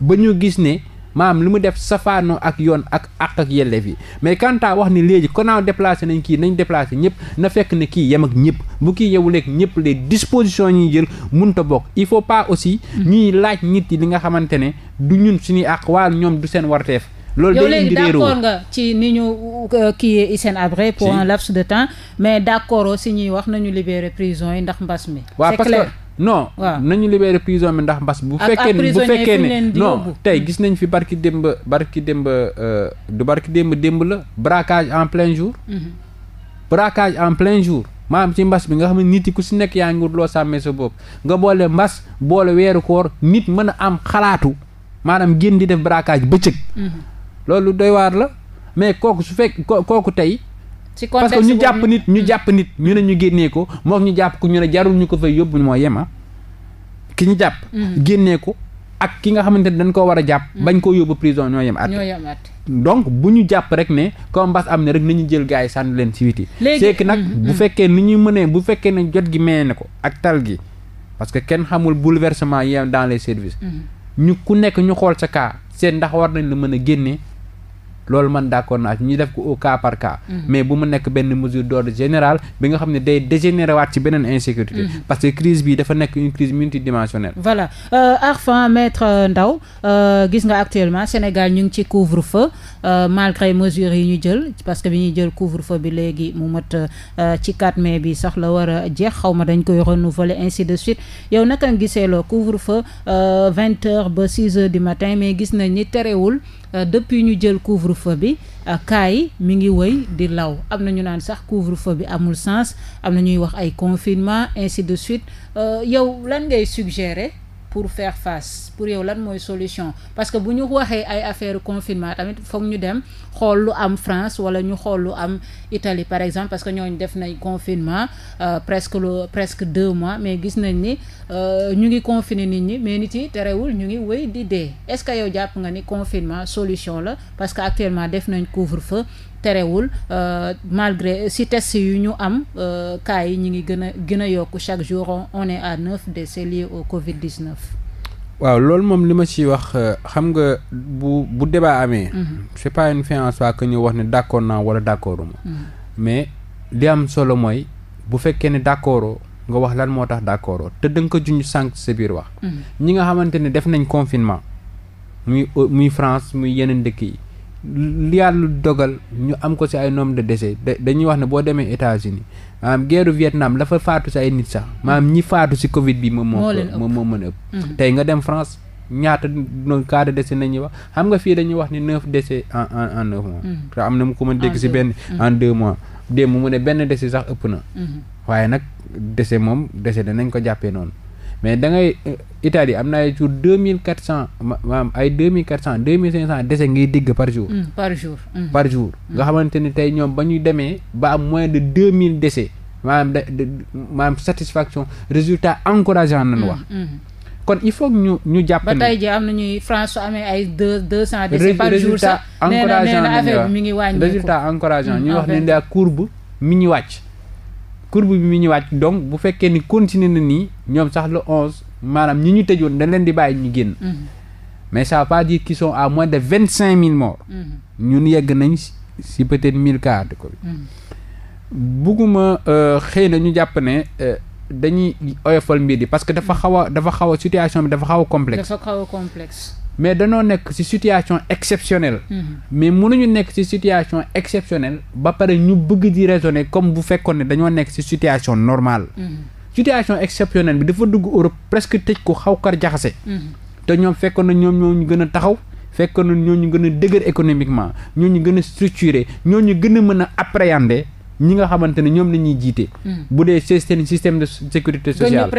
ba ñu gis ne. maam lu mu def safaanoo ak yoon ak àq ak yelleef yi mais quant wax ni léegi konaaw déplacé nañ kii nañ déplacé ñëpp na fekk ne kii yem ak ñëpp bu kii yewuleeg ñëpp les dispositions ñuy jël munta bokk il faut pas aussi hmm. ñuy laaj nit yi li nga xamante ne du ñun suñuy àq waa ñoom du seen warteef loolu yow léegi d'accord nga ci ni ñu euh, kii Hissène Habré pour si. un laps de temps mais d'accord si ñuy wax nañu libérer prison yi ndax mbas mi. c'est non nañu libéré prison bi ndax mbas bu fekkee ne bu fekkee ne non tey gis nañ fi barki démb barki démb euh, du barki démb démb la braquage en plein jour mhm. braquage en plein jour maanaam ci mbas bi nga xam ne nit ku si nekk yaa ngi wut loo sàmmee sa bopp nga boole mbas boole weeru koor nit mën a am xalaatu maanaam génn di def braquage bëccëg mhm. loolu doy waar la mais kooku su fekk kooku tey ci contexte que ñu jàpp nit ñu jàpp nit ñu ne ñu génnee ko moom ñu jàpp ko ñu ne jarul ñu ko fay yóbbu moo yema ah. ki ñu jàpp. Mm. génnee ko ak ki nga xamante ne dañ koo war a jàpp. Mm. bañ koo yóbbu prison ñoo yem at. ñoo yem at donc bu ñu jàpp rek ne comme mbas am ne rek ñu jël gars yi sànni leen ci witi. léegi c'est nag mm-hmm. bu fekkee ni ñuy mënee bu fekkee ne jot gi mee ne ko ak tal gi parce que kenn xamul bouleversement yi dans les services. Mm-hmm. ñu ku nekk ñu xool sa cas seen ndax war nañ la mën a génnee loolu man d'accord naa ñu def ko o cas par cas mhm. mais bu mu nekk benn mesure d'ordre général bi nga xam ne day dégénérer waat ci beneen insécurité mhm. parce que crise bi dafa nekk une crise multidimensionnelle voilà euh, Arfan maître euh, Ndao euh, gis nga actuellement Sénégal ñu ngi ci couvre fa malgré mesures yi ñu jël parce que bi ñuy jël couvre-feu bi léegi mu mat ci 4 mais bi sax la war a jeex xaw ma dañ koy renouveler ainsi de suite yow naka nga gisee loo couvre-feu vingt heures ba six heures du matin mais gis nañ ni terewul Euh, depuis ñu jël couvre-feu bi cas euh, yi mi ngi wëy di law am na ñu naan sax couvre-feu bi amul sens am na ñuy wax ay confinement ainsi de suite euh, yow lan ngay suggérer pour faire face pour yow lan mooy solution parce que bu ñu waxee ay affaire confinement tamit foog ñu dem xool lu am France wala ñu xool lu am Italie par exemple parce que ñooñu def nañ confinement euh, presque lu presque deux mois mais gis nañ ni euh, ñu ngi confiner nit ñi mais nit yi terewul ñu ngi wéy di dee est-ce que yow jàpp nga ni confinement solution la parce que actuellement def nañ couvre-feu terewul euh, malgré euh, si test yu ñu am euh, cas yi ñu ngi gën a gën a yokk chaque jour on est à neuf décès liés au Covid 19. waaw loolu moom li ma ci wax xam nga bu bu débat amee. Mhm. c'est pas une fin en soi que ñu wax ne d'accord naa wala d'accorduma mhm. mais li am solo mooy bu fekkee ne d'accordoo nga wax lan moo tax d'accordoo te danga ko junj sànq sa biir wax. Mhm. ñi nga xamante ne def nañ confinement muy muy France muy yeneen ndëkk yi. li yàlla dogal ñu am ko si ay nombre de décès dañuy wax ne boo demee États-Unis maanaam guerre Vietnam dafa faatu si ay nit sax maanaam ñi faatu si Covid bi moom moo moom moom mën a ëpp mm-hmm. tey nga dem France ñaata donc cas de décès nañuy wax xam nga fii dañuy wax ni neuf décès en en en mois mm-hmm. te am na mu ko mën dégg si benn mm-hmm. en deux mois démb mu ne benn décès sax ëpp na waaye nag dese moom décès nañ ko jàppee noonu mais da ngay euh, Italie am na ay jour deux mille quatre cent maanaam ay deux mille quatre cent deux mille cinq cent décès ngay digg par jour. Mm, par jour. Mm. par jour mm. nga xamante ni tey ñoom ba ñu demee ba am moins de deux mille décès maanaam de maanaam satisfaction résultat encourageant nañu wax. kon il faut ñu ñu jàpp ne ba am na ñuy France su amee ay deux deux cent décès par jour sax nee na bi mi ngi wàññi résultat encourageant ñu wax ne la courbe mi ñu wàcc. courbe bi mu ñu wàcc donc bu fekkee ni continuer na nii ñoom sax le onze maanaam ñi ñu tëjoon dañ leen di bàyyi ñu génn. Mhm. mais ça pas dire qu'ils à moins de vingt cinq mille morts. Mhm. ñun yegg nañ si peut-être mille cas de Covid. Mhm. bugguma euh, xëy na ñu jàpp ne euh, dañuy oyofal mbir di parce que dafa xaw a dafa xaw a situation bi dafa xaw a complexe. dafa complexe. mais dañoo nekk ci situation exceptionnelle. Mm-hmm. mais mënuñu nekk ci situation exceptionnelle ba pare ñu bëgg di raisonner comme bu fekkoon ne dañoo nekk ci situation normale. Mm-hmm. situation exceptionnelle bi dafa dugg Europe presque tëj ko xaw kar jaxase. Mm-hmm. te ñoom fekkoon na ñoom ñoo ñu gën a taxaw. fekkoon na ñoo ñu gën a dëgër économiquement ñoo ñu gën a structuré ñoo ñu gën a mën a appréhender. ñi nga xamante ne ñoom la ñuy jiite. Hmm. bu dee seen système de sécurité sociale.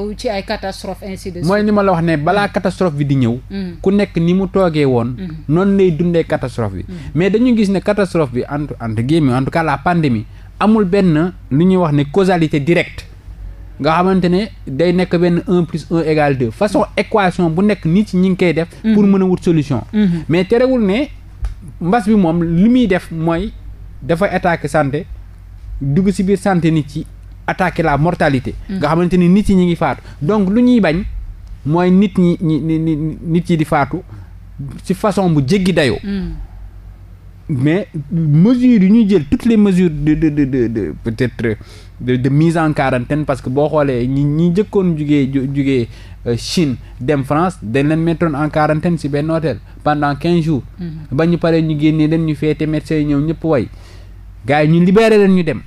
ñu ci ay catastrophe mooy ni ma la wax ne balaa hmm. catastrophe bi di ñëw. Hmm. ku nekk ni mu toogee woon. noonu lay dundee catastrophe bi. mais dañu gis ne catastrophe bi entre entre guillemets en tout cas la pandémie amul benn li ñuy wax ne cosalité directe. nga xamante ne day nekk benn un plus un égale deux façon équation bu nekk nit ñi ngi koy def. pour mën a wut solution. mais terewul ne mbas bi moom li muy def mooy dafa attaque santé. dugg si biir santé nit ci attaque la mortalité. nga xamante ni nit yi ñu ngi faatu. donc lu ñuy bañ mooy nit ñi ñi nit yi di faatu ci façon bu jéggi dayoo. Mm. mais mesures yi ñuy jël toutes les mesures de de de de, de peut mise en quarantaine parce que boo xoolee ñi ñi jëkkoon jugee jugee euh, Chine dem France dañ leen mettoon en quarantaine si benn hôtel pendant quinze jours. Mm-hmm. ba ñu paree ñu génnee dem ñu feete médecin yi ñëw ñëpp way gars yi ñu libéré leen ñu dem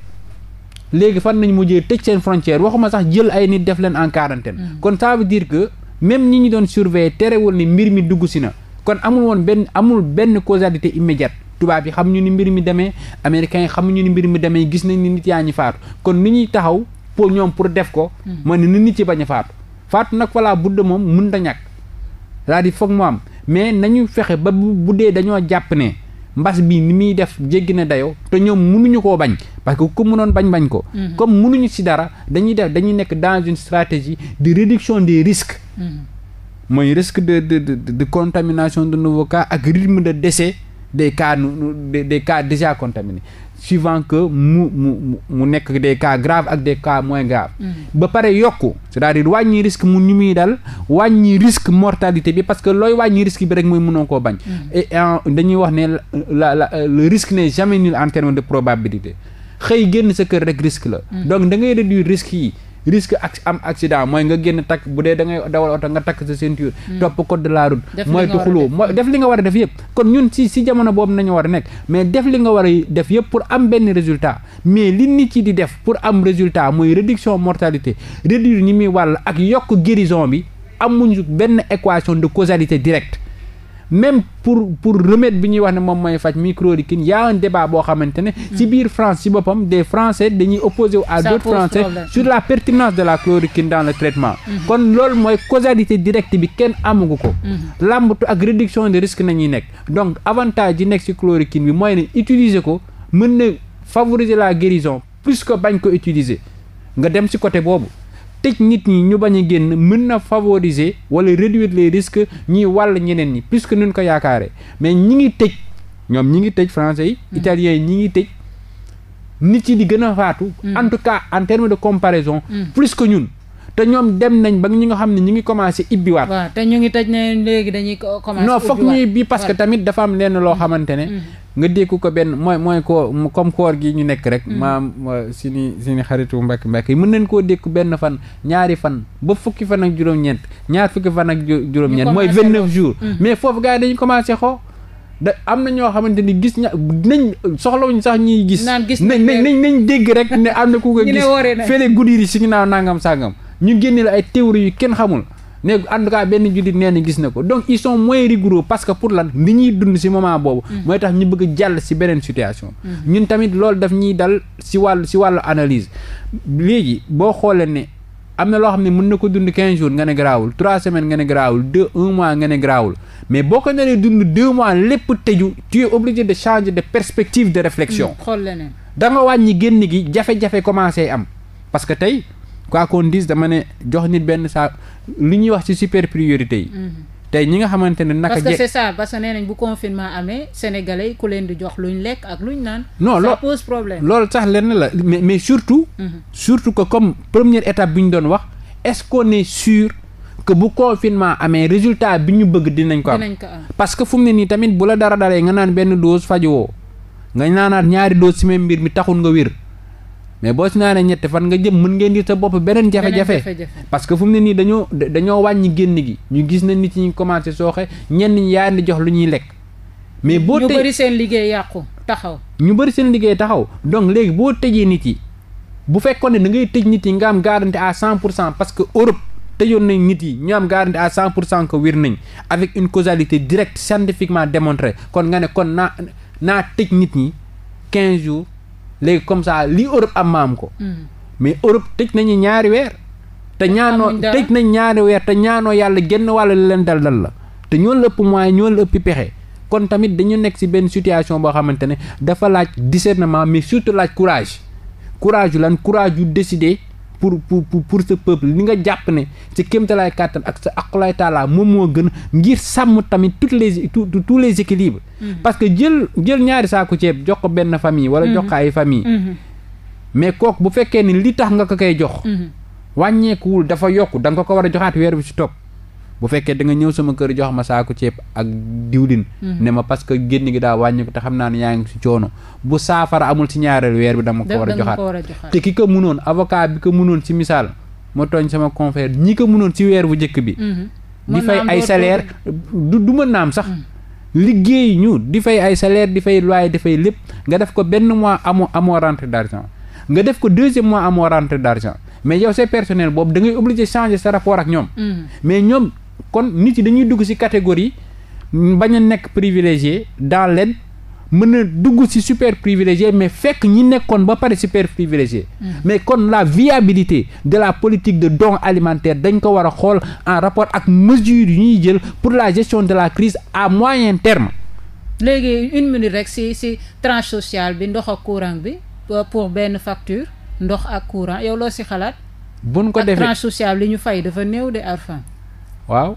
léegi fan nañ mujjee tëj seen frontière waxuma sax jël ay nit def leen en quarantaine mm. kon ça veut dire que même ñi ñu doon surveiller terewul ni mbir mi dugg si na kon amul woon benn amul benn cosalité immédiate tubaab yi xamuñu ni mbir mi demee américains yi xamuñu ni mbir mi demee gis nañ ni nit yaa ñi faatu kon ni ñuy taxaw pour ñoom pour def ko mm. ma ne ni nit ci bañ a faatu faatu nag voilà budda moom mën na ñàkk laa di foog mu am mais nañu fexe ba bu dee dañoo jàpp ne mbas bi ni muy def jéggi na dayoo te ñoom munuñu koo bañ parce que ku mënoon bañ bañ ko. Mhm. comme munuñu si dara dañuy def dañuy nekk dans une stratégie de réduction des risques. Mhm. mooy risque de de de de contamination de nouveaux cas ak rythme de décès des cas des cas déjà contaminés suivant que mu mu mu nekk de cas graves ak de cas moins graves. Mm. ba pare yokku c'est-à-dire wàññi risque mu ñu muy dal wàññi risque mortalité bi parce que looy wàññi risque bi rek mooy mënoo koo bañ. Mm. et dañuy wax ne la la le risque n'est jamais nul en termes de probabilité xëy génn sa kër rek risque la. Mm. donc da ngay réduire yi. risque ak am accident mooy nga génn takk bu dee da ngay dawal oto nga takk sa ceinture. Hmm. topp code de la route. mooy tu xuloo mooy def li nga war a def yëpp. kon ñun si si jamono boobu nañu war a nekk mais def li nga war a def yëpp pour am benn résultat mais li nit ci di def pour am résultat mooy réduction mortalité réduire ñi muy wàll ak yokk guérison bi amuñu benn équation de causalité directe. même pour pour remède bi ñuy wax ne moom mooy faj microriquine y a un débat boo xamante ne si mm. biir France ci boppam des Français dañuy opposé wu à d'autres Français sur la pertinence de la chloroquine dans le traitement mm-hmm. kon loolu mooy causalité directe bi kenn amugu ko mm-hmm. làmbatu ak réduction de risque nañuy nekk donc avantage yi nekk ci chloroquine bi mooy ne utiliser ko mën na favoriser la guérison plus que bañ ko utiliser nga dem ci côté boobu tëj nit ñi ñu bañ a génn mën na favoriser wala réduire les risques ñuy walla ñeneen ñi puisque nun ko yaakaare mais ñi ngi tëj ñoom ñi ngi tëj français yi mm. italiens yi ñi ngi tëj nit ci di gën a faatu mm. en tout cas en terme de comparaison mm. plus que ñun te ñoom dem nañ ba ñi nga xam ne ñu ngi commencé ibbiwaat. waaw te ñu ngi tëj ne léegi dañuy commencé. non noo ñuy bi parce que tamit dafa am lenn loo xamante ne. nga dékku ko benn mooy mooy koo comme koor gi ñu nekk rek. Mm. maam suñu suñu xaritu mbàkk mbàkk yi mën nañ koo dékku benn fan ñaari fan ba fukki fan ak juróom-ñeent ñaar fukki fan ak juróom-ñeent. mooy vingt neuf jour mm. mais foofu gars yi dañu commencé xoo. da am na ñoo xamante ni gis ña nañ soxlawuñ sax ñuy gis. naan gis nañ nañ nañ dégg rek ne am na ku ko gis. *laughs* ñu ne fële guddi yi si ginnaaw nangam sàngam. ñu génne la ay théories yu kenn xamul. ne en tout cas benn jullit nee na gis na ko donc ils sont moins rigoureux parce que pour lan li ñuy dund ci moment boobu. Mm. mooy tax ñu bëgg jàll ci beneen situation. Mm. ñun tamit loolu daf ñuy dal ci wàllu ci wàllu analyse léegi boo xoolee ne. am na loo xam ne mën na ko dund 15 jours nga ne garaawul 3 semaines nga ne garaawul 2 1 mois nga ne garaawul mais boo ko naree dund 2 mois lépp te tu es obligé de changer de perspective de réflexion. Mm, xool leneen da nga wàññi génn gi jafe-jafe commencé am parce que tey. quoi qu'on dise dama ne jox nit benn saa li ñuy wax ci super priorité yi. Mhm. tey ñi nga xamante ne naka. parce que nee nañ bu confinement amee sénégalais ku leen di jox luñ lekk ak luñ naan. non loolu problème. loolu sax lenn la mais mais surtout. Mhm. surtout que comme première état bu ñu doon wax est-ce qu'on est sûr. que bu confinement amee résultat bi ñu bëgg dinañ ko am parce que fu mu ne nii tamit bu la dara dalee nga naan benn dose fajowoo nga naanaat ñaari dose si même mbir mi taxul nga wér mais boo si naanee ñetti fan nga jëm mën ngeen di sa bopp beneen jafe-jafe parce que fu mu ne nii dañoo wàññi génn gi ñu gis nañ nit ñi commencé sooxe ñenn ñi yaa di jox lu ñuy lekk mais boo ñu bëri liggéey yàqu taxaw ñu bëri seen liggéey taxaw donc léegi boo tëjee nit yi bu fekkoon ne da ngay tëj nit yi nga am garantie à cent pour cent parce que Europe tëjoon nañ nit yi ñu am garantie à cent pour cent que wér nañ avec une causalité directe scientifiquement démontrée kon nga ne kon naa naa tëj nit ñi quinze jours léegi comme ça lii Europe am maam ko. Mm. mais Europe tëj nañu ñaari weer. te ñaanoo tëj nañ ñaari weer te ñaanoo yàlla génn wàll li leen dal dal la te ñoo la ëpp moyen ñoo la ëpp pexe kon tamit dañu nekk ci benn situation boo xamante ne dafa laaj discernement mais surtout laaj courage courage yu lan courage yu décider. pour pour pour sa peuple li nga jàpp ne sa kéemtalaay kàttan ak sa aqulaay taalaa moom moo gën ngir sàmm tamit toutes les tous les équilibres mm-hmm. parce que jël jël ñaari saaku ceeb jox ko benn famille wala jox ko mm-hmm. ay famille mm-hmm. mais kooku bu fekkee ni li tax nga ko koy jox wàññeekuwul dafa yokk da nga ko war a joxaat weer bi ci topp bu fekkee da nga ñëw sama kër jox ma saako ceeb ak diwlin mhm. ne ma parce que génn gi daa wàññi ko te xam naa ne ñaa ngi si coono bu saafara amul si ñaareelu weer bi dama ko war a joxaat te ki ko munoon avocat bi ko munoon si misaal ma tooñ sama confrère ñi ko munoon si weer bu njëkk bi mhm. di fay ay salaire du du mën naam sax mhm. liggéey ñu di fay ay salaire di fay loyer di fay lépp nga def ko benn mois amoo amoo rentrée d'argent nga def ko deuxième mois amoo rentrée d'argent mais yow c'est boobu da ngay obligé changer sa rapport ak ñoom kon nit yi dañuy dugg ci catégorie bañ a nekk privilégié dans l'aide mën a dugg ci super privilégié mais fekk ñi nekkoon ba pare super privilégié mm-hmm. mais kon la viabilité de la politique de don alimentaire dañ ko war a xool en rapport ak mesures yu ñuy jël pour la gestion de la crise à moyen terme léegi une minute rek ci ci tranche sociale bi ndox ak courant bi euh, pour benn facture ndox ak courant yow loo ci xalaat bun ko defee tranche sociale li ñu fay dafa néew de arfan waaw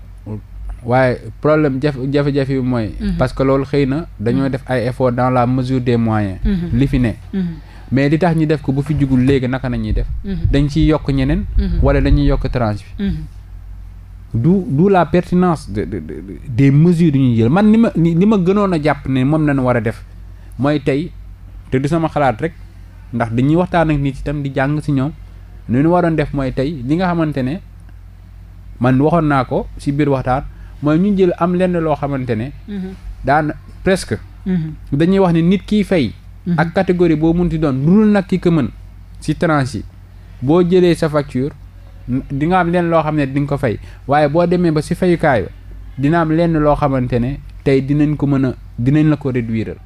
waaye problème jafe jafe-jafe bi mooy. Mhm. parce que loolu xëy na dañoo mhm. def ay effort dans la mesure des moyens. Mhm. li fi ne. mais li tax ñu def ko bu fi jugul léegi naka nañuy def. dañ ciy yokk ñeneen. wala dañuy yokk tranche bi. du du la pertinance de, de, de des mesures jël man ni ma li ma gënoon a jàpp ne moom lañu war a def mooy tey te du sama xalaat rek ndax dañuy waxtaan ak nit itam di jàng ci ñoom li ñu waroon def mooy tey li nga xamante ne. man waxoon naa ko si biir waxtaan mooy ñu jël am lenn loo xamante ne. Mhm. daan presque. Mhm. dañuy wax ne nit kiy fay. Mhm. ak catégorie boo munti doon dul nag ki ko mën si tranche yi boo jëlee sa facture di nga am lenn loo xam ne di nga ko fay waaye boo demee ba si fayukaay dina am lenn loo xamante ne tey dinañ ko mën a dinañ la ko réduire.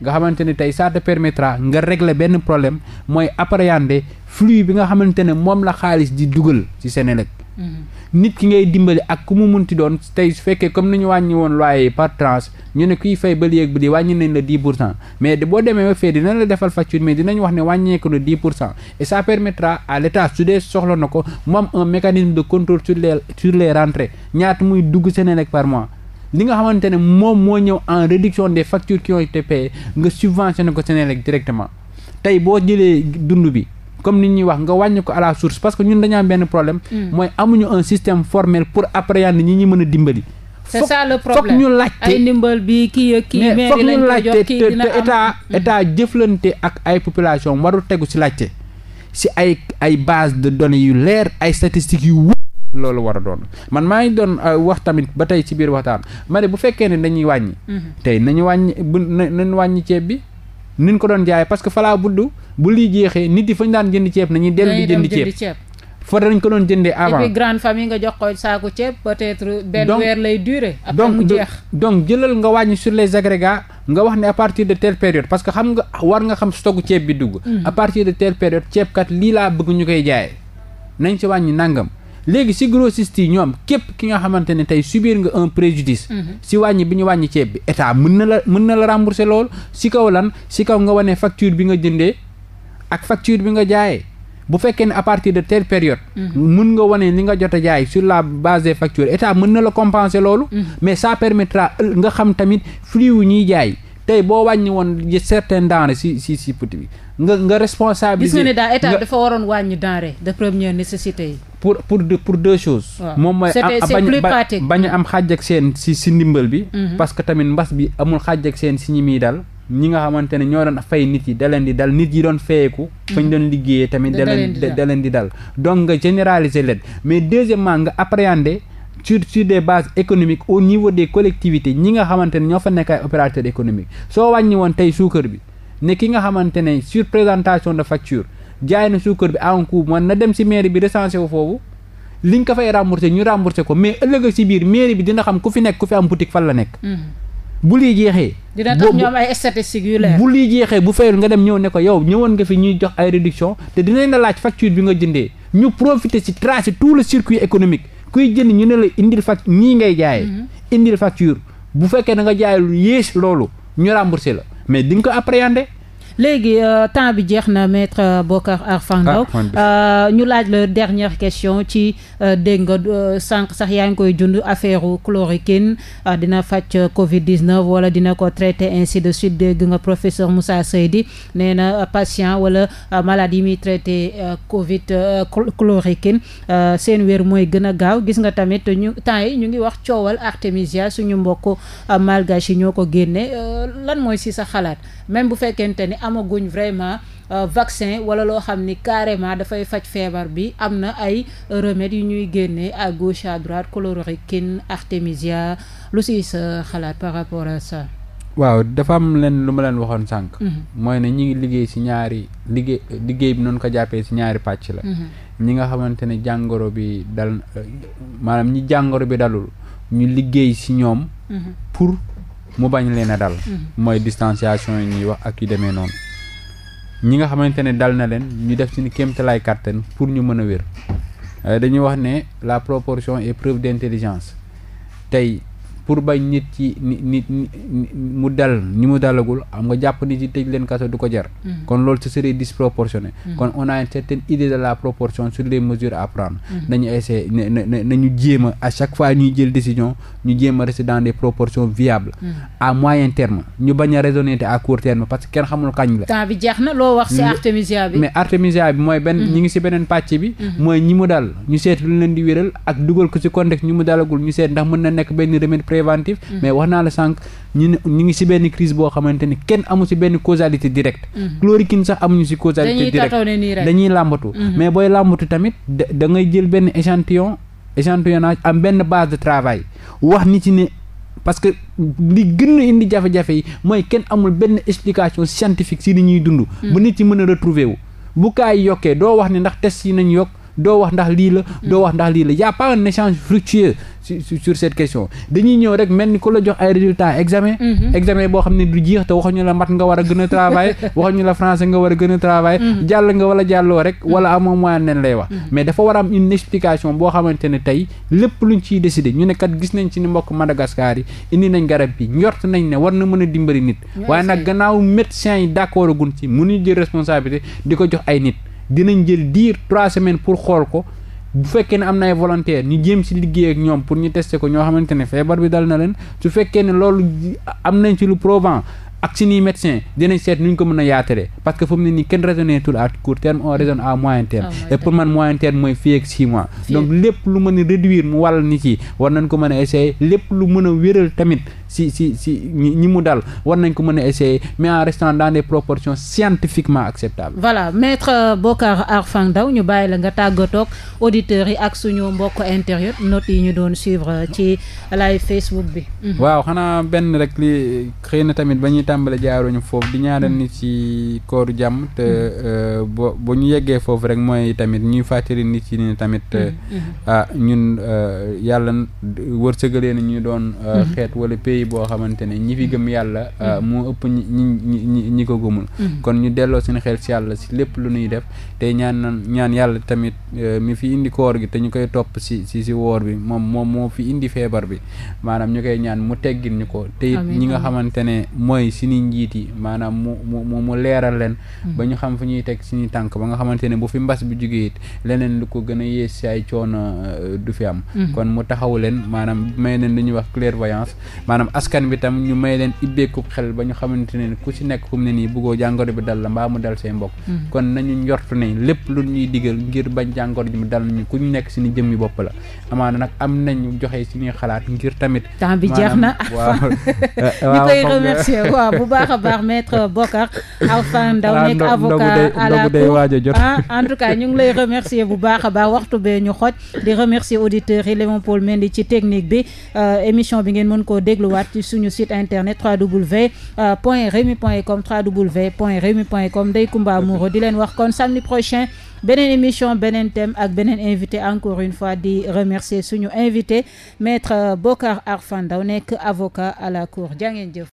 nga xamante ne tey ça te permettra nga régler benn problème mooy appréhender flux bi nga xamante ne moom la xaalis di dugal ci Senelec Mm-hmm. nit ki ngay dimbali ak ku mu munti doon tey su fekkee comme ni ñu wàññi woon loyer yi par tranche ñu ne kuy fay ba léegi ba léegi wàññi nañ la dix pour cent mais boo demee ba fee dina la defal facture mais dinañ wax ne wàññeeku na dix pour cent et ça permettra à l' su dee soxla na ko mu am un mécanisme de contrôle sur les sur les rentrées ñaata muy dugg Senelec par mois. li nga xamante ne moom moo ñëw en réduction des factures qui ont été payées nga subventionné ko Senelec directement tey boo jëlee dund bi. comme nit ñuy wax nga wàññi ko à la source parce que ñun dañu am benn problème. Mm. mooy amuñu un système formel pour appréhender ñi ñi mën a dimbali. c'est ça ñu laajte ay bi kii kii mais foog ñu laajte te mm. état jëflante ak ay population warul tegu ci laajte ci ay ay base de données yu leer ay statistiques yu wut loolu war a doon man maa ngi doon euh, wax tamit ba tey ci biir waxtaan ma ne bu fekkee ne dañuy wàññi mm-hmm. tey nañu wàññi bu nañu wàññi ceeb bi niñ ko doon jaaye parce que falaa budd bu lii jeexee nit yi fañ daan jënd ceeb nañuy dellu di jënd ceeb fa dañ ko doon jëndee avant et puis grande famille nga jox ko saaku ceeb peut-être benn weer lay durer après mu donc jëlal nga wàññi sur les agrégats nga wax ne à partir de telle période parce que xam nga war nga xam stock ceeb bi dugg hmm. à partir de telle période ceeb kat lii laa bëgg ñu koy jaaye nañ ci wàññi nangam léegi si grossiste yi ñoom képp ki nga xamante ne tey subir nga un préjudice. Mhm. si wàññi bi ñu wàññi ceeb bi état mën na la mën na la rembourser lool si kaw lan si kaw nga wane facture bi nga jëndee ak facture bi nga jaayee. bu fekkee ne à partir de telle période. Mhm. mën nga wane ni nga jot a jaay sur la base des factures état mën na la compenser loolu. Mhm. mais sa permettra nga xam tamit flux wu ñuy jaay tey boo wàññi woon certaines denrées si si si petit bi. nga nga responsabiliser. gis nga ne daal état dafa waroon wàññi denrée de première nécessité yi. pour pour deux pour deux choses. moom mooy bañ a am mm. xàjj seen si si ndimbal bi. Mm-hmm. parce que tamit mbas bi amul xàjj seen si ñi muy dal. ñi nga xamante ne ñoo doon fay nit yi da leen di dal nit yi doon feyeku. Mm-hmm. fa ñu doon liggéeyee tamit. da leen da leen di dal donc nga généraliser leen mais deuxièmement nga appréhender. sur sur des bases économiques au niveau des collectivité ñi nga xamante ne ñoo fa nekk ay opérateurs économiques soo woon tey suukar bi. ne ki nga xamante ne sur présentation de facture jaay na suukar bi à un na dem si mairie bi recensé wu foofu liñ ko fay remboursé ñu remboursé ko mais ëllëg si biir mairie bi dina xam ku fi nekk ku fi am boutique fan la nekk. Mhm. bu lii jeexee. dina tax ñoom bu lii jeexee bu fayul nga dem ñëw ne ko yow ñëwoon nga fi ñuy jox ay réduction te dinañ la laaj facture bi nga jëndee ñu profiter si tracer tout le circuit économique kuy jënd ñu ne la indil fac ñii ngay jaayee. Mhm. indil facture bu fekkee da nga jaay lu loolu ñu remboursé la. mais di nga ko appréhender léegi euh, temps bi jeex na maître Bocar Arfang Ndao ñu laaj la dernière question ci euh, dégg nga euh, sànq sax yaa ngi koy jund affaire chloroquine dina faj Covid 19 wala dina ko traité ainsi de suite dégg nga professeur Moussa Seydi nee na patient wala malade yi muy traité Covid chloroquine seen wér mooy gën a gaaw gis nga tamit ñu temps yi ñu ngi wax coowal artémisia suñu mbokk malgache yi ñoo ko génne lan mooy si sa xalaat. même bu fekkente ni amaguñ vraiment euh, vaccin wala loo xam ni carrément dafay faj feebar bi am na ay remèdes yu ñuy génnee à gauche à droite chloroquine artémisia lu si sa xalaat par rapport à ça. waaw dafa am leen lu ma leen waxoon sànq. Mhm. mooy na ñi ngi liggéey ci ñaari liggéey liggéey bi noonu ko jàppee ci ñaari pàcc la. Mhm. ñi nga xamante ne jàngoro bi dal maanaam ñi jàngoro bi dalul ñu liggéey ci ñoom. Mhm. pour. mu bañ leen a dal. Mm-hmm. mooy distanciation yi ñuy wax ak yu demee noonu. ñi nga xamante ne dal na leen ñu def suñu kéemtalaay kàttan pour ñu mën a wér euh, dañuy wax ne la proportion est preuve d'intelligence tey. pour bañ nit ci nit mu dal ni mu dalagul am nga jàpp nit yi tëj leen kaso du ko jar mm. kon loolu ce serait disproportionné mm. kon on a une certaine idée de la proportion sur les mesures à prendre mm. nañu essayer nañu jéem a à chaque fois ñuy ñu jéem a rester à a court terme parce que kenn xamul kañ la temps bi jeex na loo wax ci artémisia bi mooy benn ñi ngi ci beneen pàcc bi mooy ñi mu dal ñu seet lu leen di wéral ak dugal ko ci contexte ñu mu dalagul ñu seet ndax mën na nekk benn remède préventif mm-hmm. mais wax naa la sànq ñu ne ñu ngi ci benn crise boo xamante ni kenn amu ci benn causalité directe mm-hmm. chloroquine sax amuñu ci causalité directe dañuy làmbatu mm-hmm. mais booy làmbatu tamit da ngay jël benn échantillon échantillonnage am benn base de travail wax nit ci ne parce que li gën a indi jafe-jafe yi mooy kenn amul benn explication scientifique si ni ñuy dund. bu nit ñi mën a retrouver wu. bu kaay yokkee doo wax ne ndax test yi nañ yokk doo wax ndax lii la mm. doo wax ndax lii la y a pas un échange fructueux sur sur cette question dañuy ñëw rek mel ni ku la jox ay résultats examen mm-hmm. examen boo xam ne du jeex te waxuñu la mbat nga war a gën a travailler *laughs* waxuñu la français nga war a gën a travailler mm-hmm. jàll nga a jàlloo rek mm-hmm. wala amoo moyen nen lay wax mais dafa war a am une explication boo xamante ne tey lépp luñ ciy décider ñu nekkat gis nañ ci ni mbokk Madagascar yi indi nañ garab bi njort nañ ne war na mën a dimbali nit waaye nag gannaaw médecins yi d'accord gun ci mënuñu jël responsabilité di ko jox ay nit dinañ jël diir trois semaines pour xool ko bu fekkee ne am na ay volontaire ñu jéem si liggéey ak ñoom pour ñu tester ko ñoo xamante ne feebar bi dal na leen su fekkee ne loolu am nañ ci lu probant ak suñuy médecin dinañ seet nu ko mën a yaatale parce que fu mu ne nii kenn raisonné tout à court terme on raisonne à moyen terme ah, pour man moyen terme mooy fii ak six donc lépp lu mën a réduire mu wàll nit yi war nañ ko mën a essayer lépp lu mën a wéral tamit si si ñi mu dal war nañ ko mën a essayer mais en restant dans des proportions scientifiquement acceptables voilà maître euh, Bocar Arfang Ndao ñu bàyyi la nga tàggatoog auditeurs yi ak suñu mbokk intérieur notes yi ñu doon suivre ci live Facebook bi waaw xanaa benn rek li xëy na tàmbale jaaruñu foofu di ñaanal mm. nit ci kooru jàmm te mm. euh, bo ba ñu yeggee foofu rek mooy tamit ñuy fàttari nit ci ni tamit euh, mm, ah ñun euh, yàlla wërsëgalee na ñu doon mm-hmm. xeet wala pays boo xamante ne ñi fi mm-hmm. gëm yàlla mm-hmm. moo ëpp ñi ñi ñi ñi ko gëmul kon ñu delloo seen xel ci yàlla ci lépp lu ñuy def te ñaan ñaan yàlla tamit mi fi indi koor gi te ñu koy topp ci ci woor bi moom moom moo fi indi feebar bi maanaam ñu koy ñaan mu teggil ñu ko te ñi nga xamante mooy suñu njiit yi maanaam mu mu mu mu leeral leen hmm. ba ñu xam fu ñuy teg suñu tànk ba nga xamante ne bu fi mbas bi jógee it leneen lu ko gën a yées si ay coono euh, du fi am hmm. kon mu taxaw leen maanaam may leen lu ñuy wax clairvoyance maanaam askan bi tam ñu may leen ibbeeku xel ba ñu xamante ne ku si nekk fu ne nii bëggoo jàngoro bi dal la mbaa mu dal say mbokk hmm. kon nañu njort ne lépp lu ñuy digal ngir bañ jàngoro ji mu dal ku ñu nekk suñu jëmmi bopp la amaana nag am nañu joxe suñuy xalaat ngir tamit temps bi *laughs* *laughs* *laughs* bu baax a baax maître Bocar Alpha Ndao nekk avocat à la cour ah, en ñu ngi lay remercier bu baax a baax waxtu bee ñu xoj yi Léon Paul Mendy ci technique bi euh, émission bi ngeen mën koo dégluwaat ci suñu site internet www point rewmi point com www point rewmi point com Ndeye Comba Moreau di leen wax kon samedi prochain beneen émission beneen thème ak fois di remercier suñu invité maître Bocar Alpha Ndao nekk avocat à la cour jaa jëf